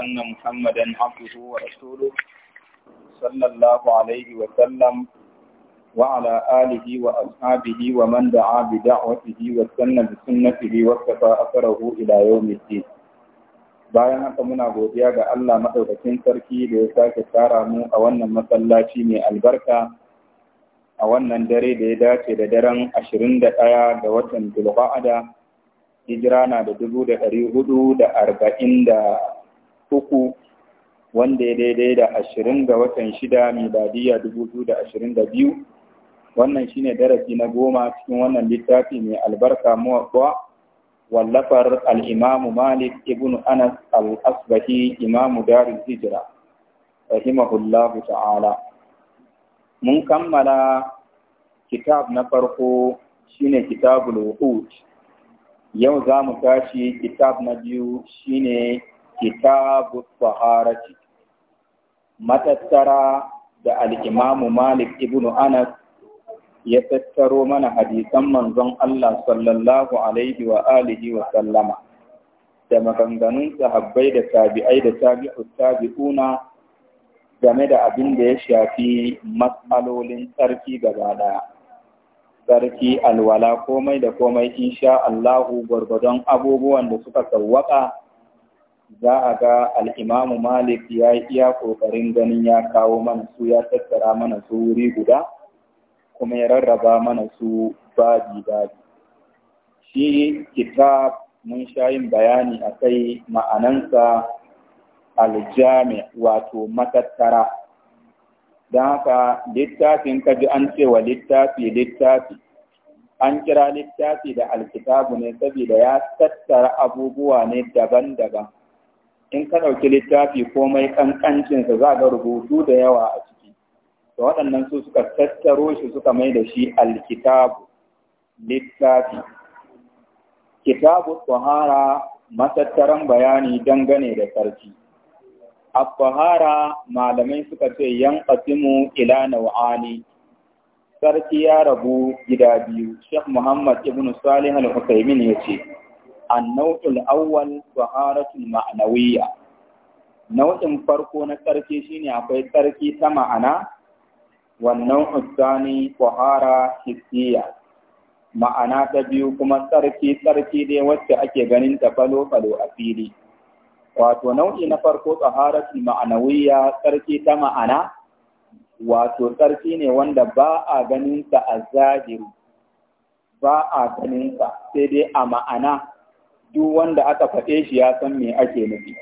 أن محمدا عبده ورسوله صلى الله عليه وسلم وعلى آله وأصحابه ومن دعا بدعوته واستنى بسنته واكتفى أثره إلى يوم الدين bayan haka muna godiya ga Allah maɗaukakin sarki da ya sake tsara mu a wannan masallaci mai albarka a wannan dare da ya dace da daren 21 ga watan Dhulqa'ada hijira na da dubu da ɗari hudu da arba'in da uku wanda ya daidai da ashirin ga watan shida dadiya dubu biyu da ashirin da biyu wannan shine darasi na goma cikin wannan littafi mai albarka muwaɓɓa wallafar al'imamu malik ibn anas al’asbahi imamu darin hijira rahimahullahu ta'ala mun kammala kitab na farko shine kitabul wuhud yau za mu tashi kitab na biyu shine kitabu taharati matattara da al'imamu Malik ibn Anas ya tattaro mana hadisan manzon Allah sallallahu Alaihi wa alihi wa sallama da maganganun sahabbai da tabi'ai da tabi'u tabi'una game da abin da ya shafi matsalolin tsarki gaba ɗaya. Tsarki alwala komai da komai insha Allahu gwargwadon abubuwan da suka sawwaka za a ga al'imamu Malik ya yi iya ƙoƙarin ganin ya kawo mana su ya tattara mana su wuri guda, kuma ya rarraba mana su babi-babi. Shi kitab mun sha yin bayani a kai ma'anansa aljami wato matattara. Don haka littafin kaji an cewa littafi littafi. an kira littafi da alkitabu ne saboda ya tattara abubuwa ne daban-daban in ka ɗauki littafi komai ƙanƙancinsa za ga rubutu da yawa a ciki da waɗannan su suka tattaro shi suka mai da shi alkitabu littafi kitabu tsohara matattaran bayani dangane da sarki Abbahara malamai suka ce yan ƙasimu ila nau'ani sarki ya rabu gida biyu Sheikh Muhammad ibn Salih al-Husaymin ya ce annau'ul awwal taharatul ma'nawiyya nau'in farko na Sarki shine akwai tsarki ta ma'ana wannan ussani tahara hissiya ma'ana ta biyu kuma tsarki sarki dai wacce ake ganin ta falo falo a fili wato nau'i na farko taharatul ma'nawiyya Sarki ta ma'ana wato Sarki ne wanda ba a ganinsa a zahiri ba a ganinsa sai dai a ma'ana duk wanda aka faɗe shi ya san me ake nufi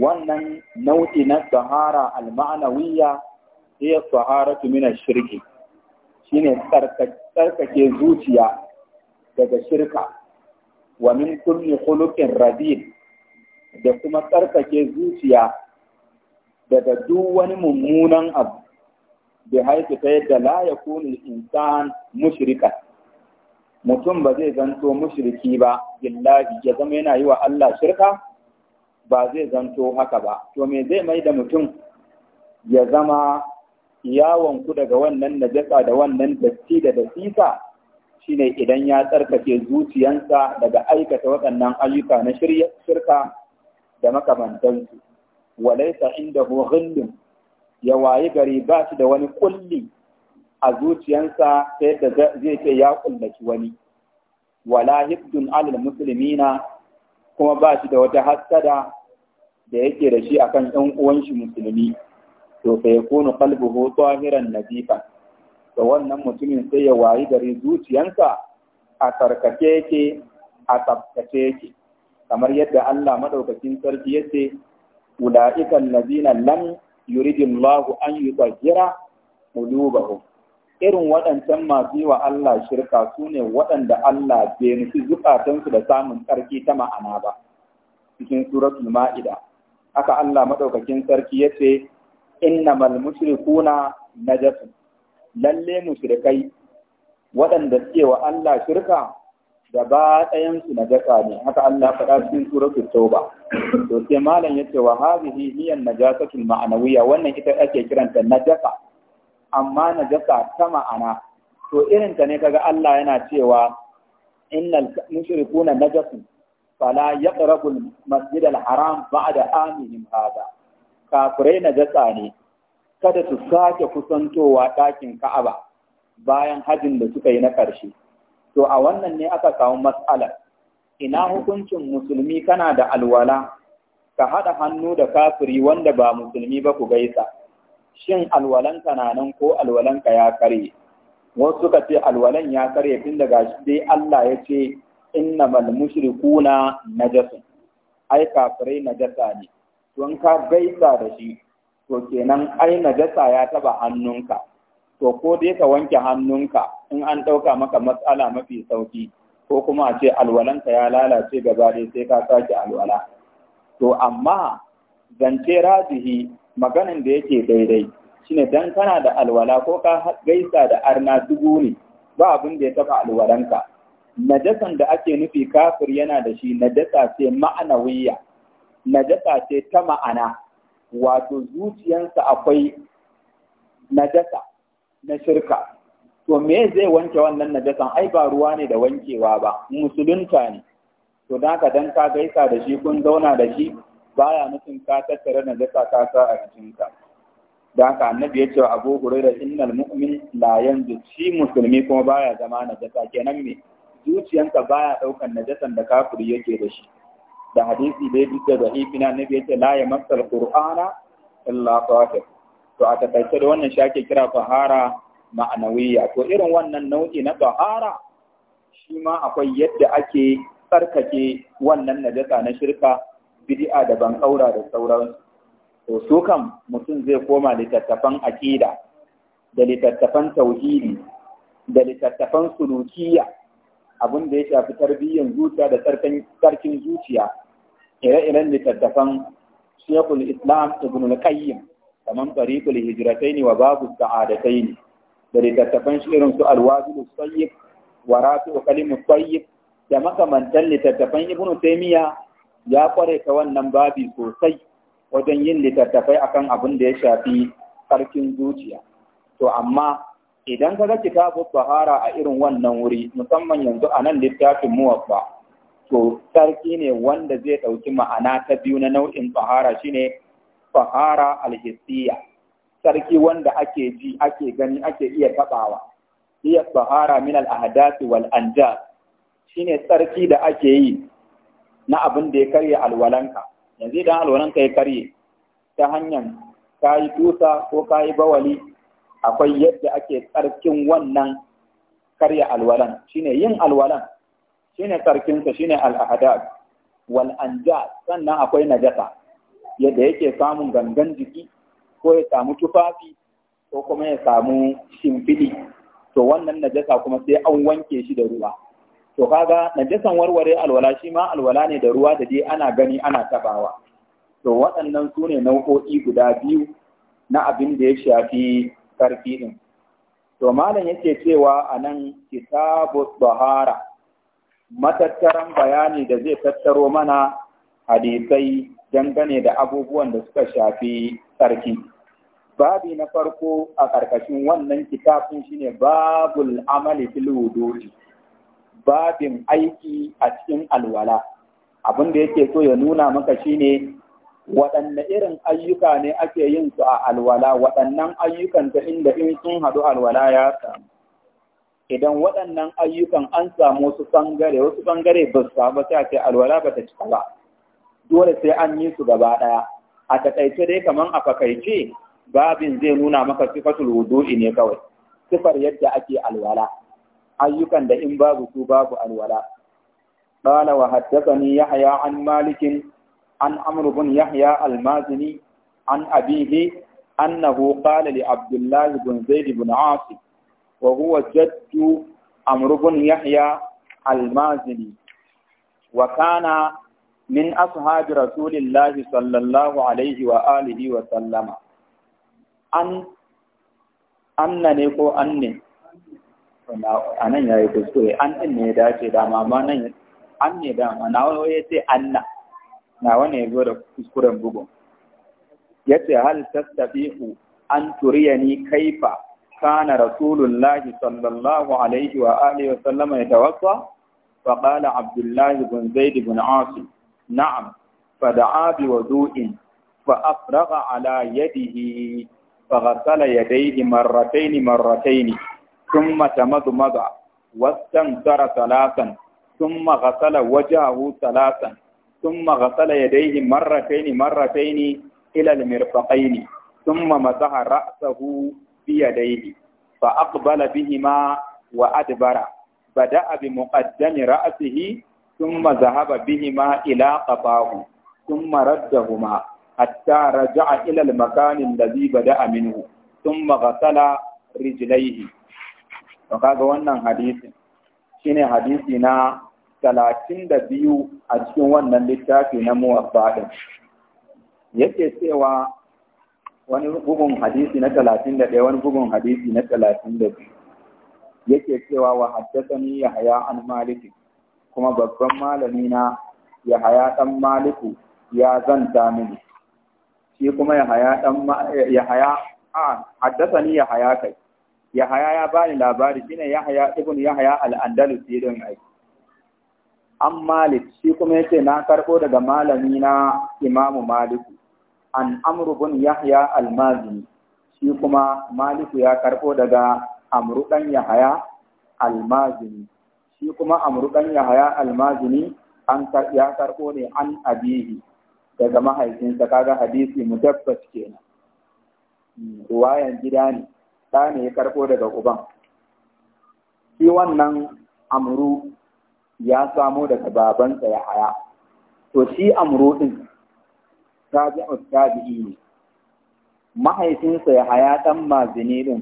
wannan nau'i na sahara al-ma'anawiyya hiya saharatu min shirki shine tsarkake zuciya daga shirka wa min kulli khuluqin radid da kuma tsarkake zuciya daga duk wani mummunan abu bi haifi ta yadda la yakunu insan mushrikan mutum ba zai zanto mushriki ba billahi ya zama yana yi wa Allah shirka ba zai zanto haka ba to me zai mai da mutum ya zama yawon ku daga wannan najasa da wannan datti da dasisa shine idan ya tsarkake zuciyansa daga aikata waɗannan ayyuka na shirka da makamantansu walaisa inda ghillun ya wayi gari ba shi da wani kulli a zuciyansa ta yadda zai ce ya kullaci wani wala hibdun alal muslimina kuma ba shi da wata hassada da yake da shi akan ɗan uwan shi musulmi to fa yakunu qalbuhu tahiran nazifa to wannan mutumin sai ya wayi gari zuciyansa a karkace yake a tsabtace yake kamar yadda Allah madaukakin sarki yace ulaika allazina lam yuridu Allahu an yutahhira qulubahum irin waɗancan masu yi wa Allah shirka su ne waɗanda Allah bai nufi zukatansu da samun ƙarfi ta ma'ana ba cikin suratul ma'ida haka Allah maɗaukakin sarki ya ce innamal mushrikuna najasu lalle mushrikai waɗanda suke wa Allah shirka gaba ɗayan su najasa ne haka Allah faɗa cikin suratul tauba to sai malam yace wa hadhihi hiya najasatul ma'anawiyya wannan ita ake kiranta najasa amma najasa ta ma'ana to irinta ta ne kaga Allah yana cewa innal mushrikuna najasu fala yaqrabu al-masjid al-haram ba'da amihim hada kafirai najasa ne kada su sake kusantowa dakin Ka'aba bayan hajin da suka yi na ƙarshe to a wannan ne aka samu matsalar ina hukuncin musulmi kana da alwala ka haɗa hannu da kafiri wanda ba musulmi ba ku gaisa shin alwalanka na nan ko alwalanka ya kare wasu suka ce alwalan ya kare tun daga shi dai Allah ya ce mal mushrikuna najasa ai kafirai najasa ne to in ka gaisa da shi to kenan ai najasa ya taba hannunka to ko dai ka wanke hannunka in an ɗauka maka matsala mafi sauki ko kuma a ce alwalanka ya lalace gaba ɗaya sai ka sake alwala to amma zance rajihi Maganin da yake daidai shi ne, don kana da alwala ko ka gaisa da arna dubu ne ba abin da ya taba alwalanka najasan da ake nufi kafir yana da shi najasa ce wuya, najasa ce ta ma'ana wato zuciyansa akwai najasa na shirka to me zai wanke wannan najasan ai ba ruwa ne da wankewa ba musulunta ne to naka ka dan ka gaisa da shi kun zauna da shi baya nufin ka tattara na jasa ka sa a jikinka da aka annabi ya ce abu hurairah innal mu'min la yanzu shi musulmi kuma baya zama na jasa kenan me zuciyanka baya daukan najasan da kafiri yake da shi da hadisi da yake bi da na annabi ya ce la yamassal qur'ana illa tahir to a takaice da wannan shake kira "fahara" ma'anawiyya to irin wannan nau'i na tahara shi ma akwai yadda ake tsarkake wannan najasa na shirka bid'a da ban ƙaura da sauran to su kam mutum zai koma littattafan aqida da littattafan tauhidi da littattafan sulukiya, abin da ya shafi tarbiyyar zuciya da tsarkin zuciya ire-iren littattafan shekul islam ibn al-qayyim kamar tariqul hijratain wa babu sa'adatain da littattafan shirin su alwabil sayyid wa rafi'u kalimu sayyid da makamantan littattafan ibn taymiya ya kware ta wannan babi sosai wajen yin littattafai akan abin da ya shafi sarkin zuciya to amma idan ka ga kitabu bahara a irin wannan wuri musamman yanzu a nan littafin muwaffa to sarki ne wanda zai ɗauki ma'ana ta biyu na nau'in bahara shine bahara alhissiya sarki wanda ake ji ake gani ake iya taɓawa iya bahara min al-ahdath wal anjad shine sarki da ake yi na abin da ya karye alwalanka yanzu idan alwalanka ya karye ta hanyar ka yi tusa ko ka bawali akwai yadda ake tsarkin wannan karya alwalan shine yin alwalan shine tsarkinsa shine al'adad wal anja sannan akwai najasa yadda yake samun gangan jiki ko ya samu tufafi ko kuma ya samu shimfidi, to wannan najasa kuma sai an wanke shi da ruwa to kaga najasan warware alwala shi ma alwala ne da ruwa da dai ana gani ana tabawa to waɗannan su ne nau'o'i guda biyu na abin da ya shafi ƙarfi ɗin to malam yake cewa a nan kitabu bahara matattaran bayani da zai tattaro mana hadisai dangane da abubuwan da suka shafi tsarki. Babi na farko a ƙarƙashin wannan kitabun shine babul amali fil babin aiki a cikin alwala abin da yake so ya nuna maka shine waɗanne irin ayyuka ne ake yin su a alwala waɗannan ayyukan ta inda in sun haɗu alwala ya samu idan waɗannan ayyukan an samu wasu ɓangare wasu ɓangare ba su samu sai a ce alwala ba ta cika ba dole sai an yi su gaba ɗaya a taƙaice dai kamar a fakaice babin zai nuna maka sifatul wudu'i ne kawai sifar yadda ake alwala ayyukan da in babu su babu alwala qala wa haddathani yahya an malik an amr bin yahya al-mazini an abihi annahu qala li abdullah bin zaid bin asim wa huwa jaddu amr bin yahya al-mazini wa kana من أصحاب رسول الله صلى wa عليه وآله وسلم أن أنني كو أني a nan ya yi kuskure an ɗin ne ya dace dama ma nan an ne dama na wani ya ce anna na wani ya zo da kuskuren bugun ya ce hal tattafi'u an ni kaifa kana rasulullahi sallallahu alaihi wa alihi wa sallama ya tawassa fa qala Abdullahi bin zaid bin asim na'am fa da'a bi wudu'in fa afraga ala yadihi fa ghasala yadayhi marratayn marratayn ثم تمضمض واستنثر ثلاثا ثم غسل وجهه ثلاثا ثم غسل يديه مرتين مرتين إلى المرفقين ثم مسح رأسه بيديه فأقبل بهما وأدبر بدأ بمقدم رأسه ثم ذهب بهما إلى قفاه ثم ردهما حتى رجع إلى المكان الذي بدأ منه ثم غسل رجليه to kaga wannan hadisin shine hadisi na talatin da biyu a cikin wannan littafi na muwaffa yake cewa wani bugun hadisi na talatin da ɗaya wani bugun hadisi na talatin da biyu yake cewa wa haddasani ya haya an maliki kuma babban malami na ya haya ɗan maliku ya zanta mini shi kuma ya haya ɗan ya haya a haddasani ya haya kai Yahaya ya bani labari shine Yahaya ibn Yahaya al-Andalusi don ai an Malik shi kuma yace na karbo daga malami na Imam Malik an Amr ibn Yahya al-Mazini shi kuma Malik ya karbo daga Amr dan Yahaya al-Mazini shi kuma Amr dan Yahaya al-Mazini an ya karbo ne an abihi daga mahaifinsa kaga hadisi mutabbas kenan hmm, ruwayan gida ne ɗa ne ya karɓo daga uban shi wannan amru ya samo daga babansa ya haya to shi amru ɗin tabi'u tabi'i ne mahaifinsa ya haya ɗan mazini ɗin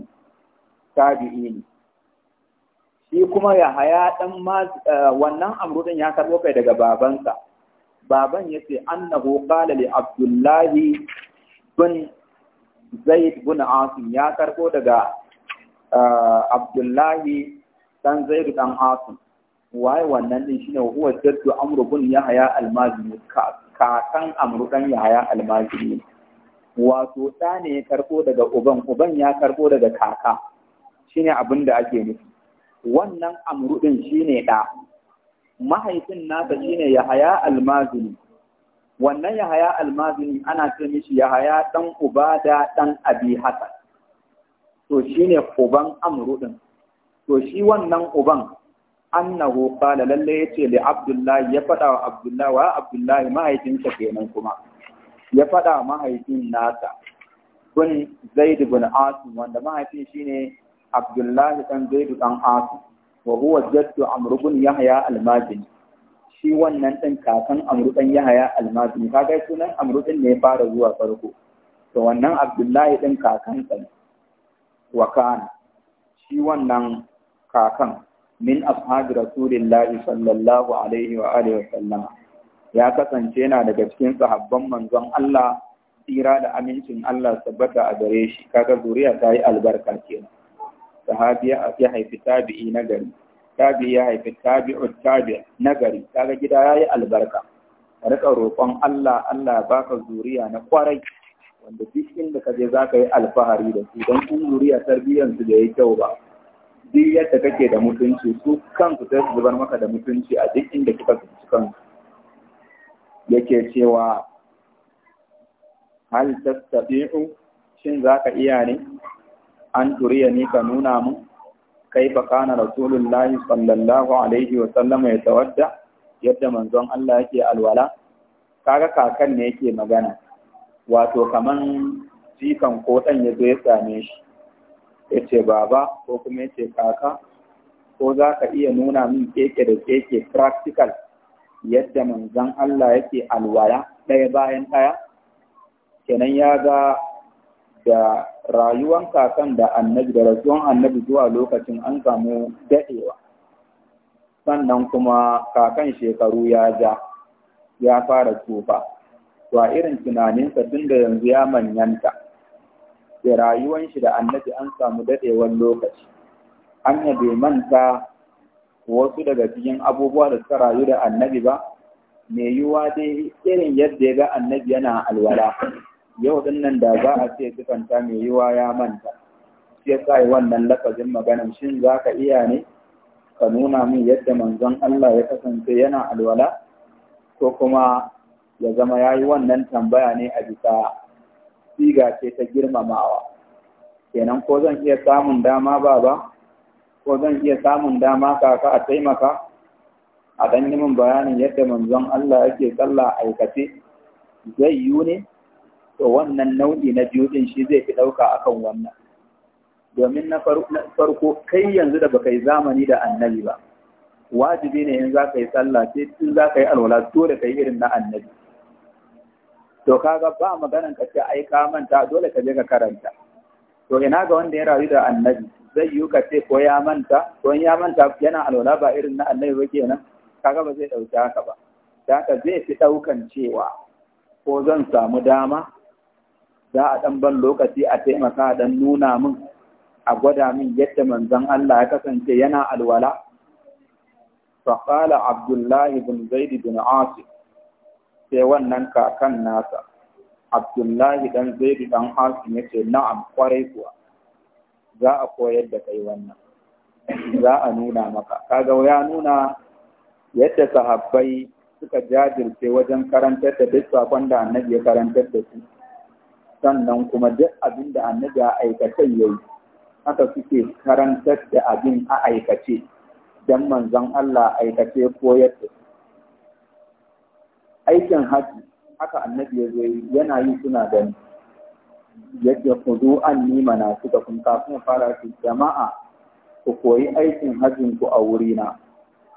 tabi'i ne shi kuma ya haya ɗan eh, wannan amru ɗin ya karɓo kai daga babansa baban ya ce annahu qala li abdullahi bin zaid bin asim ya karbo daga uh, abdullahi dan zaid dan asim Wai wannan din shine huwa jaddu amru bin yahya al-mazini kakan amru dan yahya al-mazini wato da ne ya karbo daga uban uban ya karbo daga kaka shine abin da ake nufi wannan amru din shine da mahaifin nasa shine yahya al-mazini wannan Yahaya almazini ana ce mishi Yahaya dan Ubada dan Abi Hasan to shine uban Amru din to shi wannan uban annahu qala lalle yace li Abdullah ya fada wa Abdullah wa Abdullah mahaifinsa kenan kuma ya fada mahaifin nasa kun Zaid ibn Asim wanda mahaifin shine Abdullah dan Zaid dan Asim wa huwa jaddu amru ibn Yahya almazini shi wannan ɗin kakan ya yahaya almazini kaga sunan amurɗin ne ya fara zuwa farko to wannan abdullahi ɗin kakan ɗin wa kan shi wannan kakan min ashabi rasulillahi sallallahu alaihi wa alihi wa sallama ya kasance yana daga cikin sahabban manzon Allah tsira da amincin Allah tabbata a gare shi kaga zuriya ta yi albarka kenan sahabiya ya haifi tabi'i na gari tabi ya haifi tabi'u tabi nagari kaga gida yayi albarka ka rika roƙon Allah Allah baka zuriya na kwarai wanda duk inda ka je zaka yi alfahari da su dan kun zuriya tarbiyyar su da yayi kyau ba duk yadda kake da mutunci su kansu sai su zubar maka da mutunci a duk inda kika tsinci kansu yake cewa hal tastati'u shin zaka iya ne an turiya ni ka nuna mu kaifa kana rasulullahi sallallahu alaihi wa sallam ya tawadda yadda manzon Allah yake alwala kaga kakan ne yake magana wato kaman jikan ko dan yazo ya same shi yace baba ko kuma yace kaka ko za ka iya nuna min keke da keke practical yadda manzon Allah yake alwala ɗaya bayan ɗaya kenan ya ga da rayuwan kakan da annabi da rasuwan annabi zuwa lokacin an samu daɗewa sannan kuma kakan shekaru ya ja ya fara tsufa to irin tunaninsa tun da yanzu ya manyanta da rayuwan shi da annabi an samu daɗewan lokaci an ya bai manta wasu daga cikin abubuwa da suka rayu da annabi ba mai yiwuwa dai irin yadda ya ga annabi yana alwala yau din nan da za a ce sifanta mai yiwa ya manta sai yasa yi wannan lafazin maganan shin za ka iya ne ka nuna min yadda manzon Allah ya kasance yana alwala ko kuma ya zama ya yi wannan tambaya ne a bisa siga ce ta girmamawa kenan ko zan iya samun dama baba ko zan iya samun dama kaka a taimaka a ɗan bayanin yadda manzon Allah yake sallah aikace zai yiwu ne to wannan nau'i na biyu din shi zai fi ɗauka akan wannan domin na farko kai yanzu da baka yi zamani da annabi ba wajibi ne in za ka yi sallah sai in za ka yi alwala dole ka yi irin na annabi to kaga ba maganan ka ce ai ka manta dole ka je ka karanta to ina ga wanda ya rayu da annabi zai yi ka ce ko ya manta ko ya manta yana alwala ba irin na annabi ba kenan kaga ba zai ɗauki haka ba da haka zai fi ɗaukan cewa ko zan samu dama za a ɗan ban lokaci a taimaka dan nuna min a gwada min yadda manzon Allah ya kasance yana alwala فقال Abdullahi bin zaid bin Asi sai wannan kakan nasa abdullahi dan zaidu dan Asi ya ce na'am kwarai kuwa za a koyar da kai wannan za a nuna maka kaga ya nuna yadda sahabbai suka jajirce wajen karantar da duk sakon da annabi ya karantar da su sannan kuma duk abin da annabi a aikace ya haka suke karantar da abin a aikace don manzon Allah aikace koyar da su aikin haji haka annabi ya zo yana yi suna gani yadda ku zo an nima na suka kun kafin fara su jama'a ku koyi aikin hajjin ku a wurina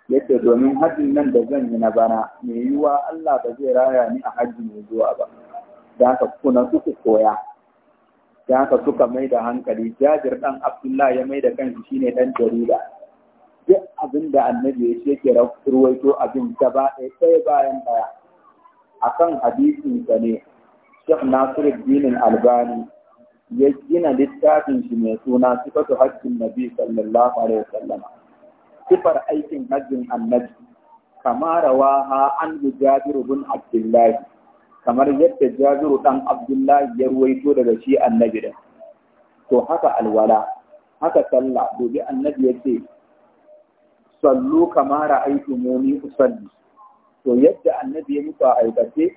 yadda domin hajjin nan da zan yi na bana mai yiwuwa Allah ba zai raya ni a hajji mai zuwa ba da aka kuna suku koya da aka suka mai da hankali jajir ɗan abdullahi ya mai da kansu shine ɗan jarida duk abin da annabi ya ce ke ruwaito abin gaba ɗaya ɗaya bayan ɗaya kan hadisin sa ne Sheikh Dinin Albani ya gina littafin shi mai suna sifatu hajjin nabi sallallahu alaihi wasallam sifar aikin hajjin annabi kama ha an Jabir bin Abdullahi. kamar yadda jabiru ɗan abdullahi ya ruwaito daga shi annabi da to haka alwala haka sallah dobi annabi ya ce sallu kama ra'aitu muni usalli to yadda annabi ya mutu a aikace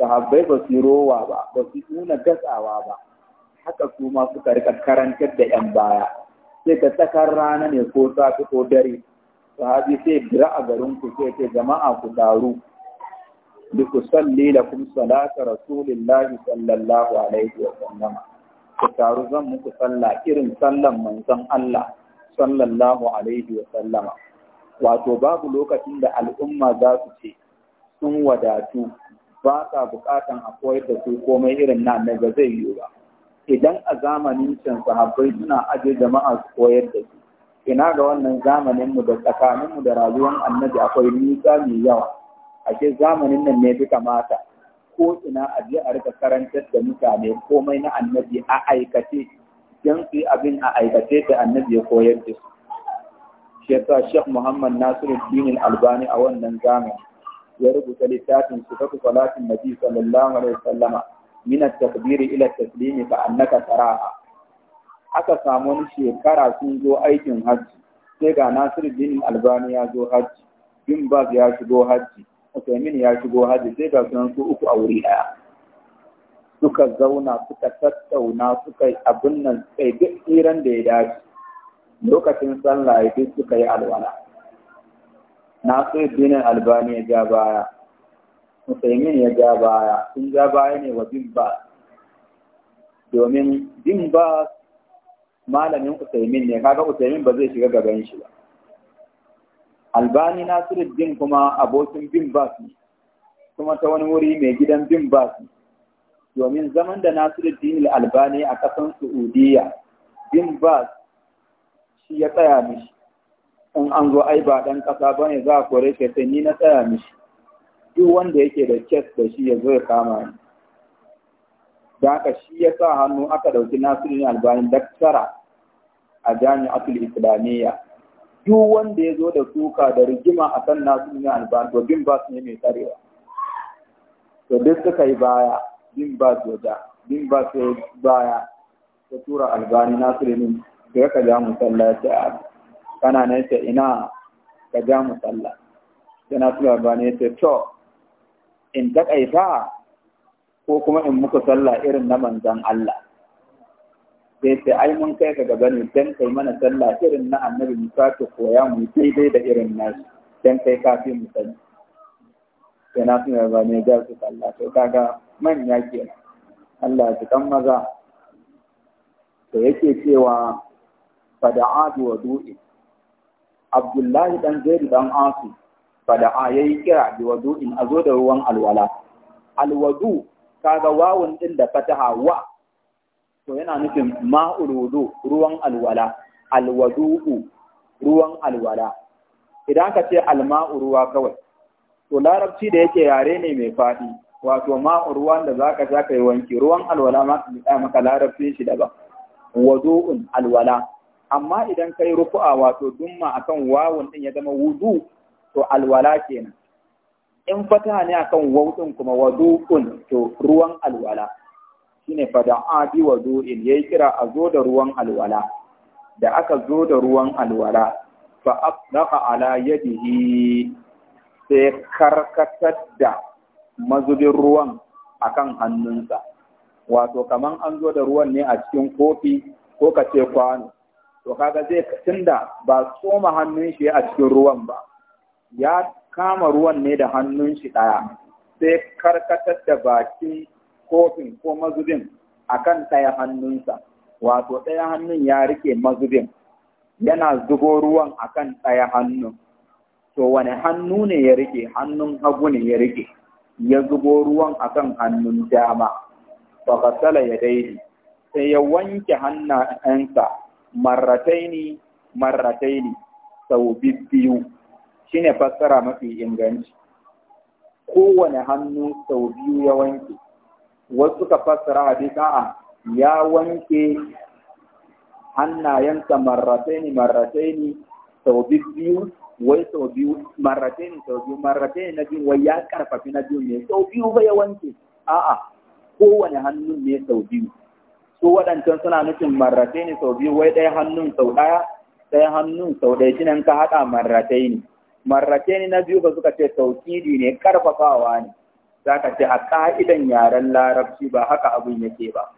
habbai ba su rowa ba ba su nuna gatsawa ba haka su ma suka rika karantar da yan baya sai ka tsakar rana ne ko safi ko dare sahabi sai bira a garin ku sai ce jama'a ku taru لتصلي لكم salata رسول sallallahu alaihi wa عليه ku taru zan muku sallah irin sallan manzon Allah sallallahu alaihi wa sallama wato babu lokacin da al'umma za su ce sun wadatu ba sa bukatan a koyar da su komai irin nan da zai yiwu ba idan a zamanin can sahabbai suna aje jama'a su koyar da su ina ga wannan zamaninmu mu da tsakanin da rayuwar annabi akwai nisa mai yawa ake zamanin nan ne fi kamata ko ina a je a rika karantar da mutane komai na annabi a aikace don su abin a aikace da annabi ya koyar da su shi Sheikh Muhammad Nasiruddin Al-Albani a wannan zamani ya rubuta littafin Sifatu Salatin Nabi sallallahu alaihi wasallama min at-takbir ila at-taslim fa annaka tara'a aka samu wani shekara sun zo aikin hajji sai ga Nasiruddin Al-Albani ya zo hajji bin ba ya shigo hajji Usaimin ya shigo hajji sai ga sunan su uku a wuri ɗaya. Suka zauna suka tattauna suka yi abin nan sai duk tsiran da ya dace. Lokacin sallah ya duk suka yi alwala. Na so binin albani ya ja baya. Usaimin ya ja baya. Sun ja baya ne wa bin ba. Domin bin ba malamin Usaimin ne, kaga Usaimin ba zai shiga gaban shi ba. albani nasiruddin kuma abokin bin basu kuma ta wani wuri mai gidan bin bas domin zaman da nasiruddin albani a kasan su'udiyya bin bas shi ya tsaya mishi in an zo ai ba ɗan ƙasa ba ne za a kore shi sai ni na tsaya mishi duk wanda yake da kes da shi ya zo ya kama ni da aka shi ya sa hannu aka ɗauki nasiruddin albani daktara a jami'atul islamiyya duk wanda ya zo da suka da rigima a kan nasu ne albani to bin bas ne mai tsarewa to duk suka yi baya bin bas ya ja bin bas ya baya ta tura albani nasu ne da ka ja musalla ya ce a kana nan ce ina ka ja musalla na tura albani ya ce to in takaita ko kuma in muka sallah irin na manzan Allah sai sai ai mun kai ka gaba ne dan kai mana sallah irin na annabi Musa ta koya mu daidai da irin nasu dan kai ka mu sani sai na tuna ba ne ga su sallah ga kaga manya ke. Allah ya kan maza to yake cewa fada'a bi wudu'i Abdullahi dan Zaid dan Asu fada'a yayi kira bi wudu'in azo da ruwan alwala alwadu kaga wawun din da fataha wa to yana nufin ma'ul ruwan alwala alwadu'u ruwan alwala idan ka ce alma'u kawai to larabci da yake yare ne mai faɗi wato ma'u da zaka sha kai wanki ruwan alwala ma ka maka larabci shi daban wudu'un alwala amma idan kai rufu'a wato dumma akan wawun din ya zama wudu to alwala kenan in fata ne akan wawun kuma wudu'un to ruwan alwala shine fada'a bi wadu'in yayi kira a zo da ruwan alwala da aka zo da ruwan alwala fa afdaqa ala yadihi sai karkatar da mazubin ruwan akan hannunsa wato kaman an zo da ruwan ne a cikin kofi ko kace kwano to kaga zai tunda ba tsoma hannun shi a cikin ruwan ba ya kama ruwan ne da hannun shi ɗaya sai karkatar da bakin kofin ko mazubin akan ɗaya hannunsa wato ɗaya hannun ya rike mazubin yana zubo ruwan akan ɗaya hannun to wani hannu ne ya rike hannun hagu ne ya rike ya zubo ruwan akan hannun dama fakasala ya daidai sai ya wanke hannayensa Marataini-Marataini, sau biyu shine fassara mafi inganci kowane hannu sau biyu ya wanke wasu suka fassara hadisa a ya wanke hannayensa marrataini marrataini sau biyu wai sau biyu marrataini sau biyu marrataini na biyu wai ya karfafi na biyu ne sau biyu ba ya wanke a'a kowane hannun ne sau biyu su waɗancan suna nufin marrataini sau biyu wai ɗaya hannun sau ɗaya ɗaya hannun sau ɗaya shi ka haɗa marrataini marrataini na biyu ba suka ce taukidi ne karfafawa ne za ka ce a ƙa'idan yaren larabci ba haka abin yake ba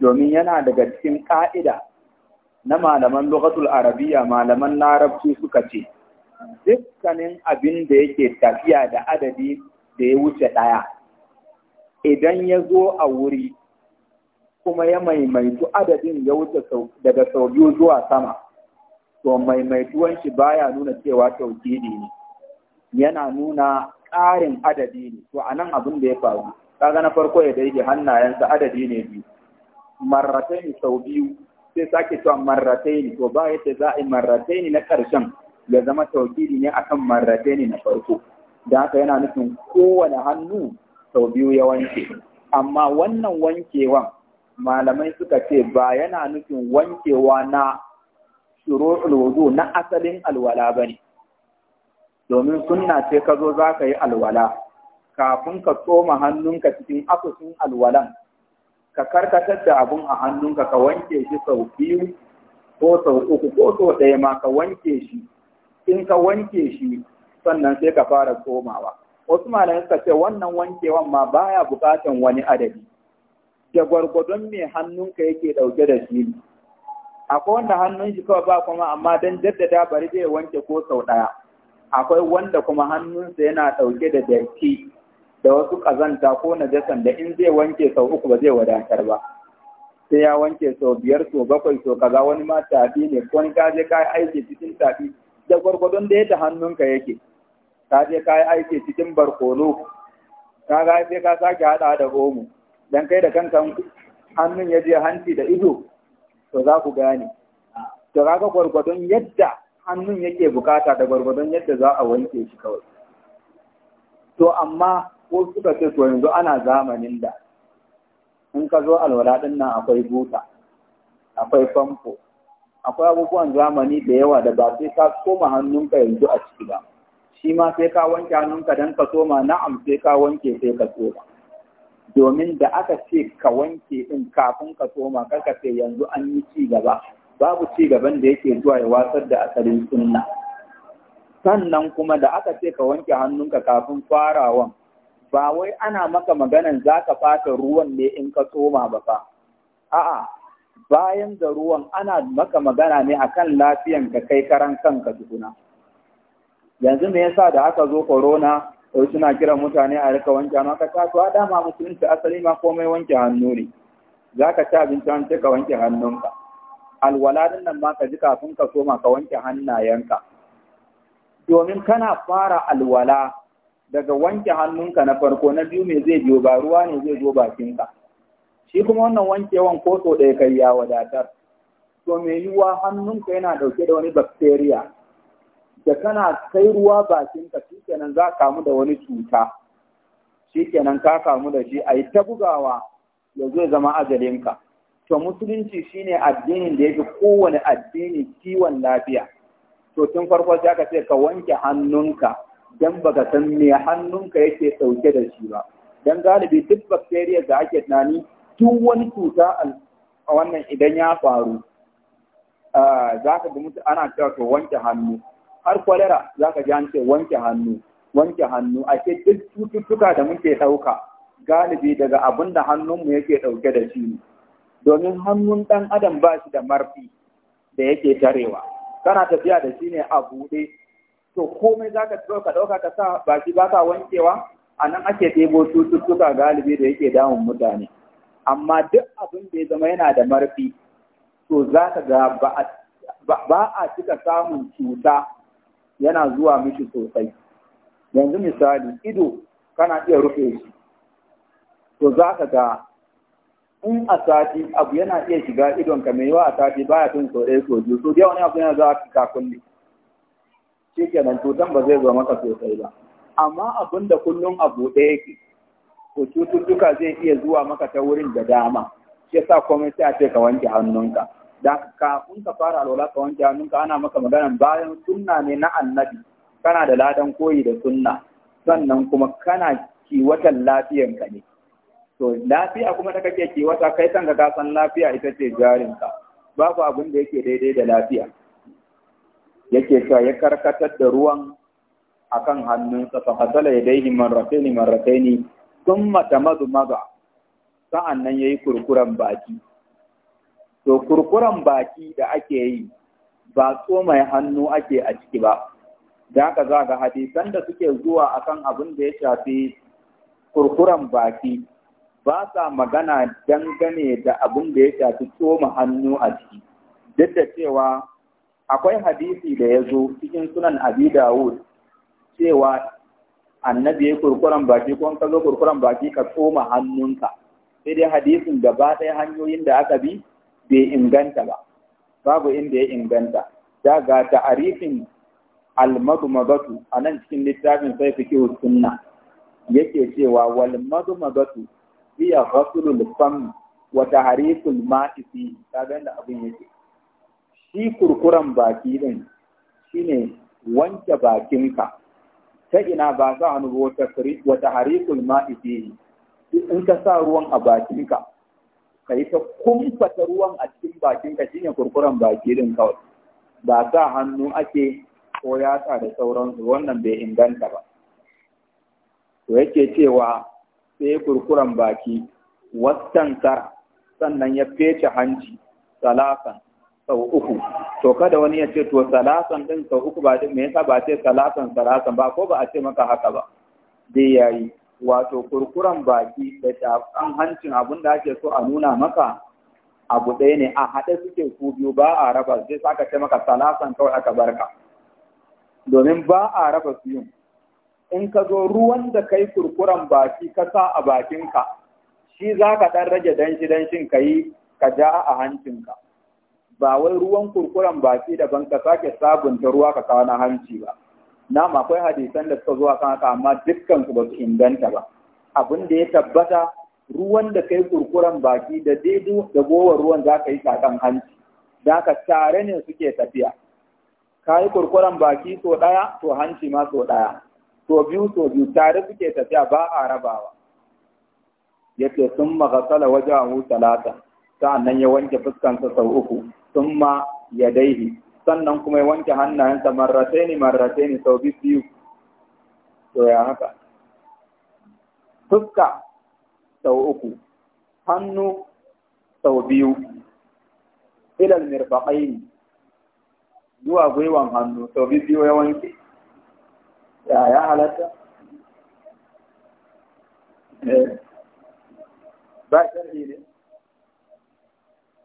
domin yana daga cikin ƙa'ida na malaman lokacin arabiya malaman larabci suka ce dukkanin abin da yake tafiya da adadi da ya wuce ɗaya idan ya zo a wuri kuma ya maimaitu adadin ya wuce daga sau biyu zuwa sama to maimaituwan shi baya nuna cewa tauhidi ne yana nuna ƙarin adadi ne to a nan abin da ya faru kaga na farko ya daidai hannayensa adadi ne biyu marratai ne sau biyu sai sake cewa marratai ne to ba yadda za a yi marratai na ƙarshen ya zama taukiri ne akan marratai ne na farko da haka yana nufin kowane hannu sau biyu ya wanke amma wannan wankewan malamai suka ce ba yana nufin wankewa na shuru'ul wudu na asalin alwala bane domin sunna ce ka zo za ka yi alwala kafin ka tsoma hannunka cikin afusin alwalan ka karkatar da abun a hannunka ka wanke shi sau biyu ko sau uku ko sau ɗaya ma ka wanke shi in ka wanke shi sannan sai ka fara tsomawa wasu malamai suka ce wannan wankewan ma baya buƙatan wani adadi da gwargwadon me hannunka yake ɗauke da shi akwai wanda hannun shi kawai ba kuma amma don jaddada bari zai wanke ko sau ɗaya akwai wanda kuma hannunsa yana ɗauke da darti da wasu ƙazanta ko najasan da in zai wanke sau uku ba zai wadatar ba sai ya wanke sau biyar sau bakwai sau kaza wani ma tafi ne wani ka je ka aiki cikin tafi da gwargwadon da yadda hannunka yake ka je ka aiki cikin barkono ka ga sai ka sake haɗa da omo dan kai da kanka hannun ya je hanci da ido to za ku gane to kaga gwargwadon yadda hannun yake bukata da gwargwadon yadda za a wanke shi kawai to amma ko suka ce to yanzu ana zamanin da in ka zo alwala din nan akwai buta akwai famfo akwai abubuwan zamani da yawa da ba sai ka koma hannunka yanzu a ciki ba shi ma sai ka wanke hannunka don ka soma na'am sai ka wanke sai ka soma domin da aka ce ka wanke din kafin ka soma kaka ce yanzu an yi ci gaba babu ci gaban da yake zuwa ya wasar da asalin sunna sannan kuma da aka ce ka wanke hannunka kafin farawan ba wai ana maka maganan za ka fata ruwan ne in ka tsoma ba fa a'a bayan da ruwan ana maka magana ne akan lafiyan ka kai karan kanka tukuna yanzu me yasa da aka zo corona sai suna kiran mutane a rika wanke hannu aka kasuwa dama musulunci asali ma komai wanke hannu ne za ka ci abinci an ka wanke hannunka alwala nan ma ka ji kafin ka soma ka wanke hannayenka domin kana fara alwala daga wanke hannunka na farko na biyu mai zai biyo ba ruwa ne zai zo bakinka shi kuma wannan wankewan ko so ɗaya kai ya wadatar to me yiwuwa hannunka yana ɗauke da wani bakteriya da kana kai ruwa bakinka shi kenan za ka kamu da wani cuta shi kenan ka kamu da shi a yi ta bugawa ya zai zama ajalinka to musulunci shine addinin da yake kowane addini kiwon lafiya to tun farko sai aka ce ka wanke hannunka dan baka san me hannunka yake dauke da shi ba dan galibi duk bacteria da ake tunani duk wani cuta a wannan idan ya faru za ka ga mutu ana cewa to wanke hannu har kwalera za ka ji an ce wanke hannu wanke hannu a ce duk cututtuka da muke ɗauka galibi daga abinda hannunmu yake dauke da shi ne domin hannun ɗan adam ba shi da marfi da yake tarewa kana tafiya da shi ne a buɗe to komai za ka ka ɗauka ka sa ba shi ba ka wankewa a nan ake ɗebo cututtuka galibi da yake damun mutane amma duk abin da ya zama yana da marfi to za ka ga ba a cika samun cuta yana zuwa mishi sosai yanzu misali ido kana iya rufe shi to za ka ga in a sati abu yana iya shiga idon ka mai yawa a sati ba ya tun so ɗaya so biyu so da wani abu yana zuwa ka kulle shi kenan cutan ba zai zo maka sosai ba amma abin da kullum abu ɗaya yake to cututtuka zai iya zuwa maka ta wurin da dama shi yasa komai sai a ce ka wanke hannunka da kafin ka fara alwala ka wanke hannunka ana maka magana bayan sunna ne na annabi kana da ladan koyi da sunna sannan kuma kana kiwatan lafiyanka ne to lafiya kuma da kake wata kai kanka ka san lafiya ita ce jarinka babu abin da yake daidai da lafiya yake sa ya karkatar da ruwan akan hannunsa fa qatala yadayhi marratayn sun mata mazu maza sa'annan yi kurkuran baki to kurkuran baki da ake yi ba so mai hannu ake a ciki ba da aka za ga hadisan da suke zuwa akan abin da ya shafi kurkuran baki ba sa magana dangane da abin da ya shafi tsoma hannu a ciki duk da cewa akwai hadisi da ya zo cikin sunan abi dawud cewa annabi ya kurkuran baki ko ka zo kurkuran baki ka tsoma hannunka sai dai hadisin da ba ɗaya hanyoyin da aka bi bai inganta ba babu inda ya inganta da ga ta'arifin almadumagatu a nan cikin littafin sai fiqh sunna yake cewa wal biya ghaslul lufan wata tahriful ma'i Ta kaga da abin yake shi kurkuran baki din ne wanke bakinka ta ina ba za a nubo wata tahriful ma'i ne in ka sa ruwan a bakinka ka yi ta kumfata ruwan a cikin bakinka ne kurkuran baki din kawai ba sa hannu ake ko yatsa da sauransu wannan bai inganta ba to yake cewa sai ya kurkuran baki wastankar sannan ya fece hanci salasan sau uku to kada wani ya ce to salasan din sau uku ba me yasa ba ce salasan salasan ba ko ba a ce maka haka ba dai yayi wato kurkuran baki da shafan hancin abin da ake so a nuna maka abu ɗaya ne a haɗe suke ku biyu ba a raba sai saka ce maka salasan kawai aka barka domin ba a raba su yin in ka zo ruwan da kai kurkuran baki ka sa a bakinka shi za ka ɗan rage danshi danshin ka yi ka ja a hancinka ba wai ruwan kurkuran baki daban ka sake sabunta ruwa ka kawo na hanci ba na akwai hadisan da suka zo a kan haka amma dukkan su ba su inganta ba abin da ya tabbata ruwan da kai kurkuran baki da daidu da gowa ruwan za ka yi shakan hanci da ka tare ne suke tafiya ka yi kurkuren baki so ɗaya to hanci ma so ɗaya so biyu so biyu tare suke tafiya ba a rabawa ce sun maghasala wajahu talata sa'annan ya wanke fuskansa sau uku sun ma ya daihi sannan kuma ya wanke hannayensa marrataini ne sau biyu to ya haka fuska sau uku hannu sau biyu ilal ne. zuwa gwiwan hannu sau biyu ya wanke ya ya halatta eh. ba ne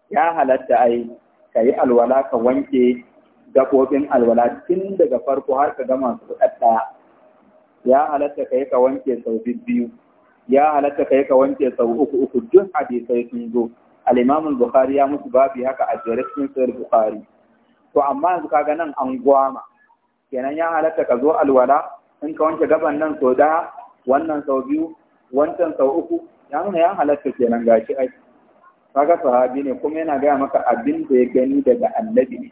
ya halatta ai ka yi alwala ka wanke gaɓoɓin alwala tun daga farko har ka gama su ɗaya ya halatta ka yi ka wanke sau biyu ya halatta ka yi ka wanke sau uku uku duk hadisai sun zo al-imam bukhari ya musu babu haka a jere cikin bukhari to amma yanzu kaga nan an gwama kenan ya halatta ka zo alwala in ka wanke gaban nan sau daya wannan sau biyu wancan sau uku ya nuna ya halatta kenan gashi ai kaga sahabi ne kuma yana gaya maka abin da ya gani daga annabi ne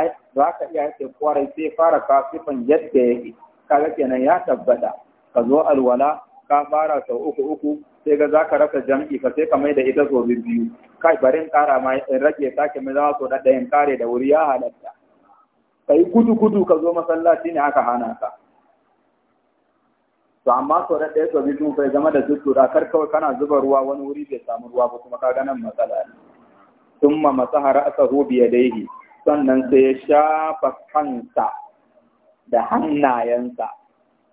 ai za ka iya yake kwarai sai fara kafifan yadda yake kaga kenan ya tabbata ka zo alwala ka fara sau uku uku sai ga zaka rasa jam'i ka sai ka mai da ita sau biyu kai bari in kara ma in rage sake mai zama sau da ɗayan kare da wuri ya halatta ka yi gudu-gudu ka zo masallaci ne aka hana ka to amma so da ɗaya sobi tun kai zama da zuttura kar kawai kana zuba ruwa wani wuri bai samu ruwa ba kuma kaga nan matsala ne sun ma masaha ra'asahu sannan sai ya shafa kansa da hannayensa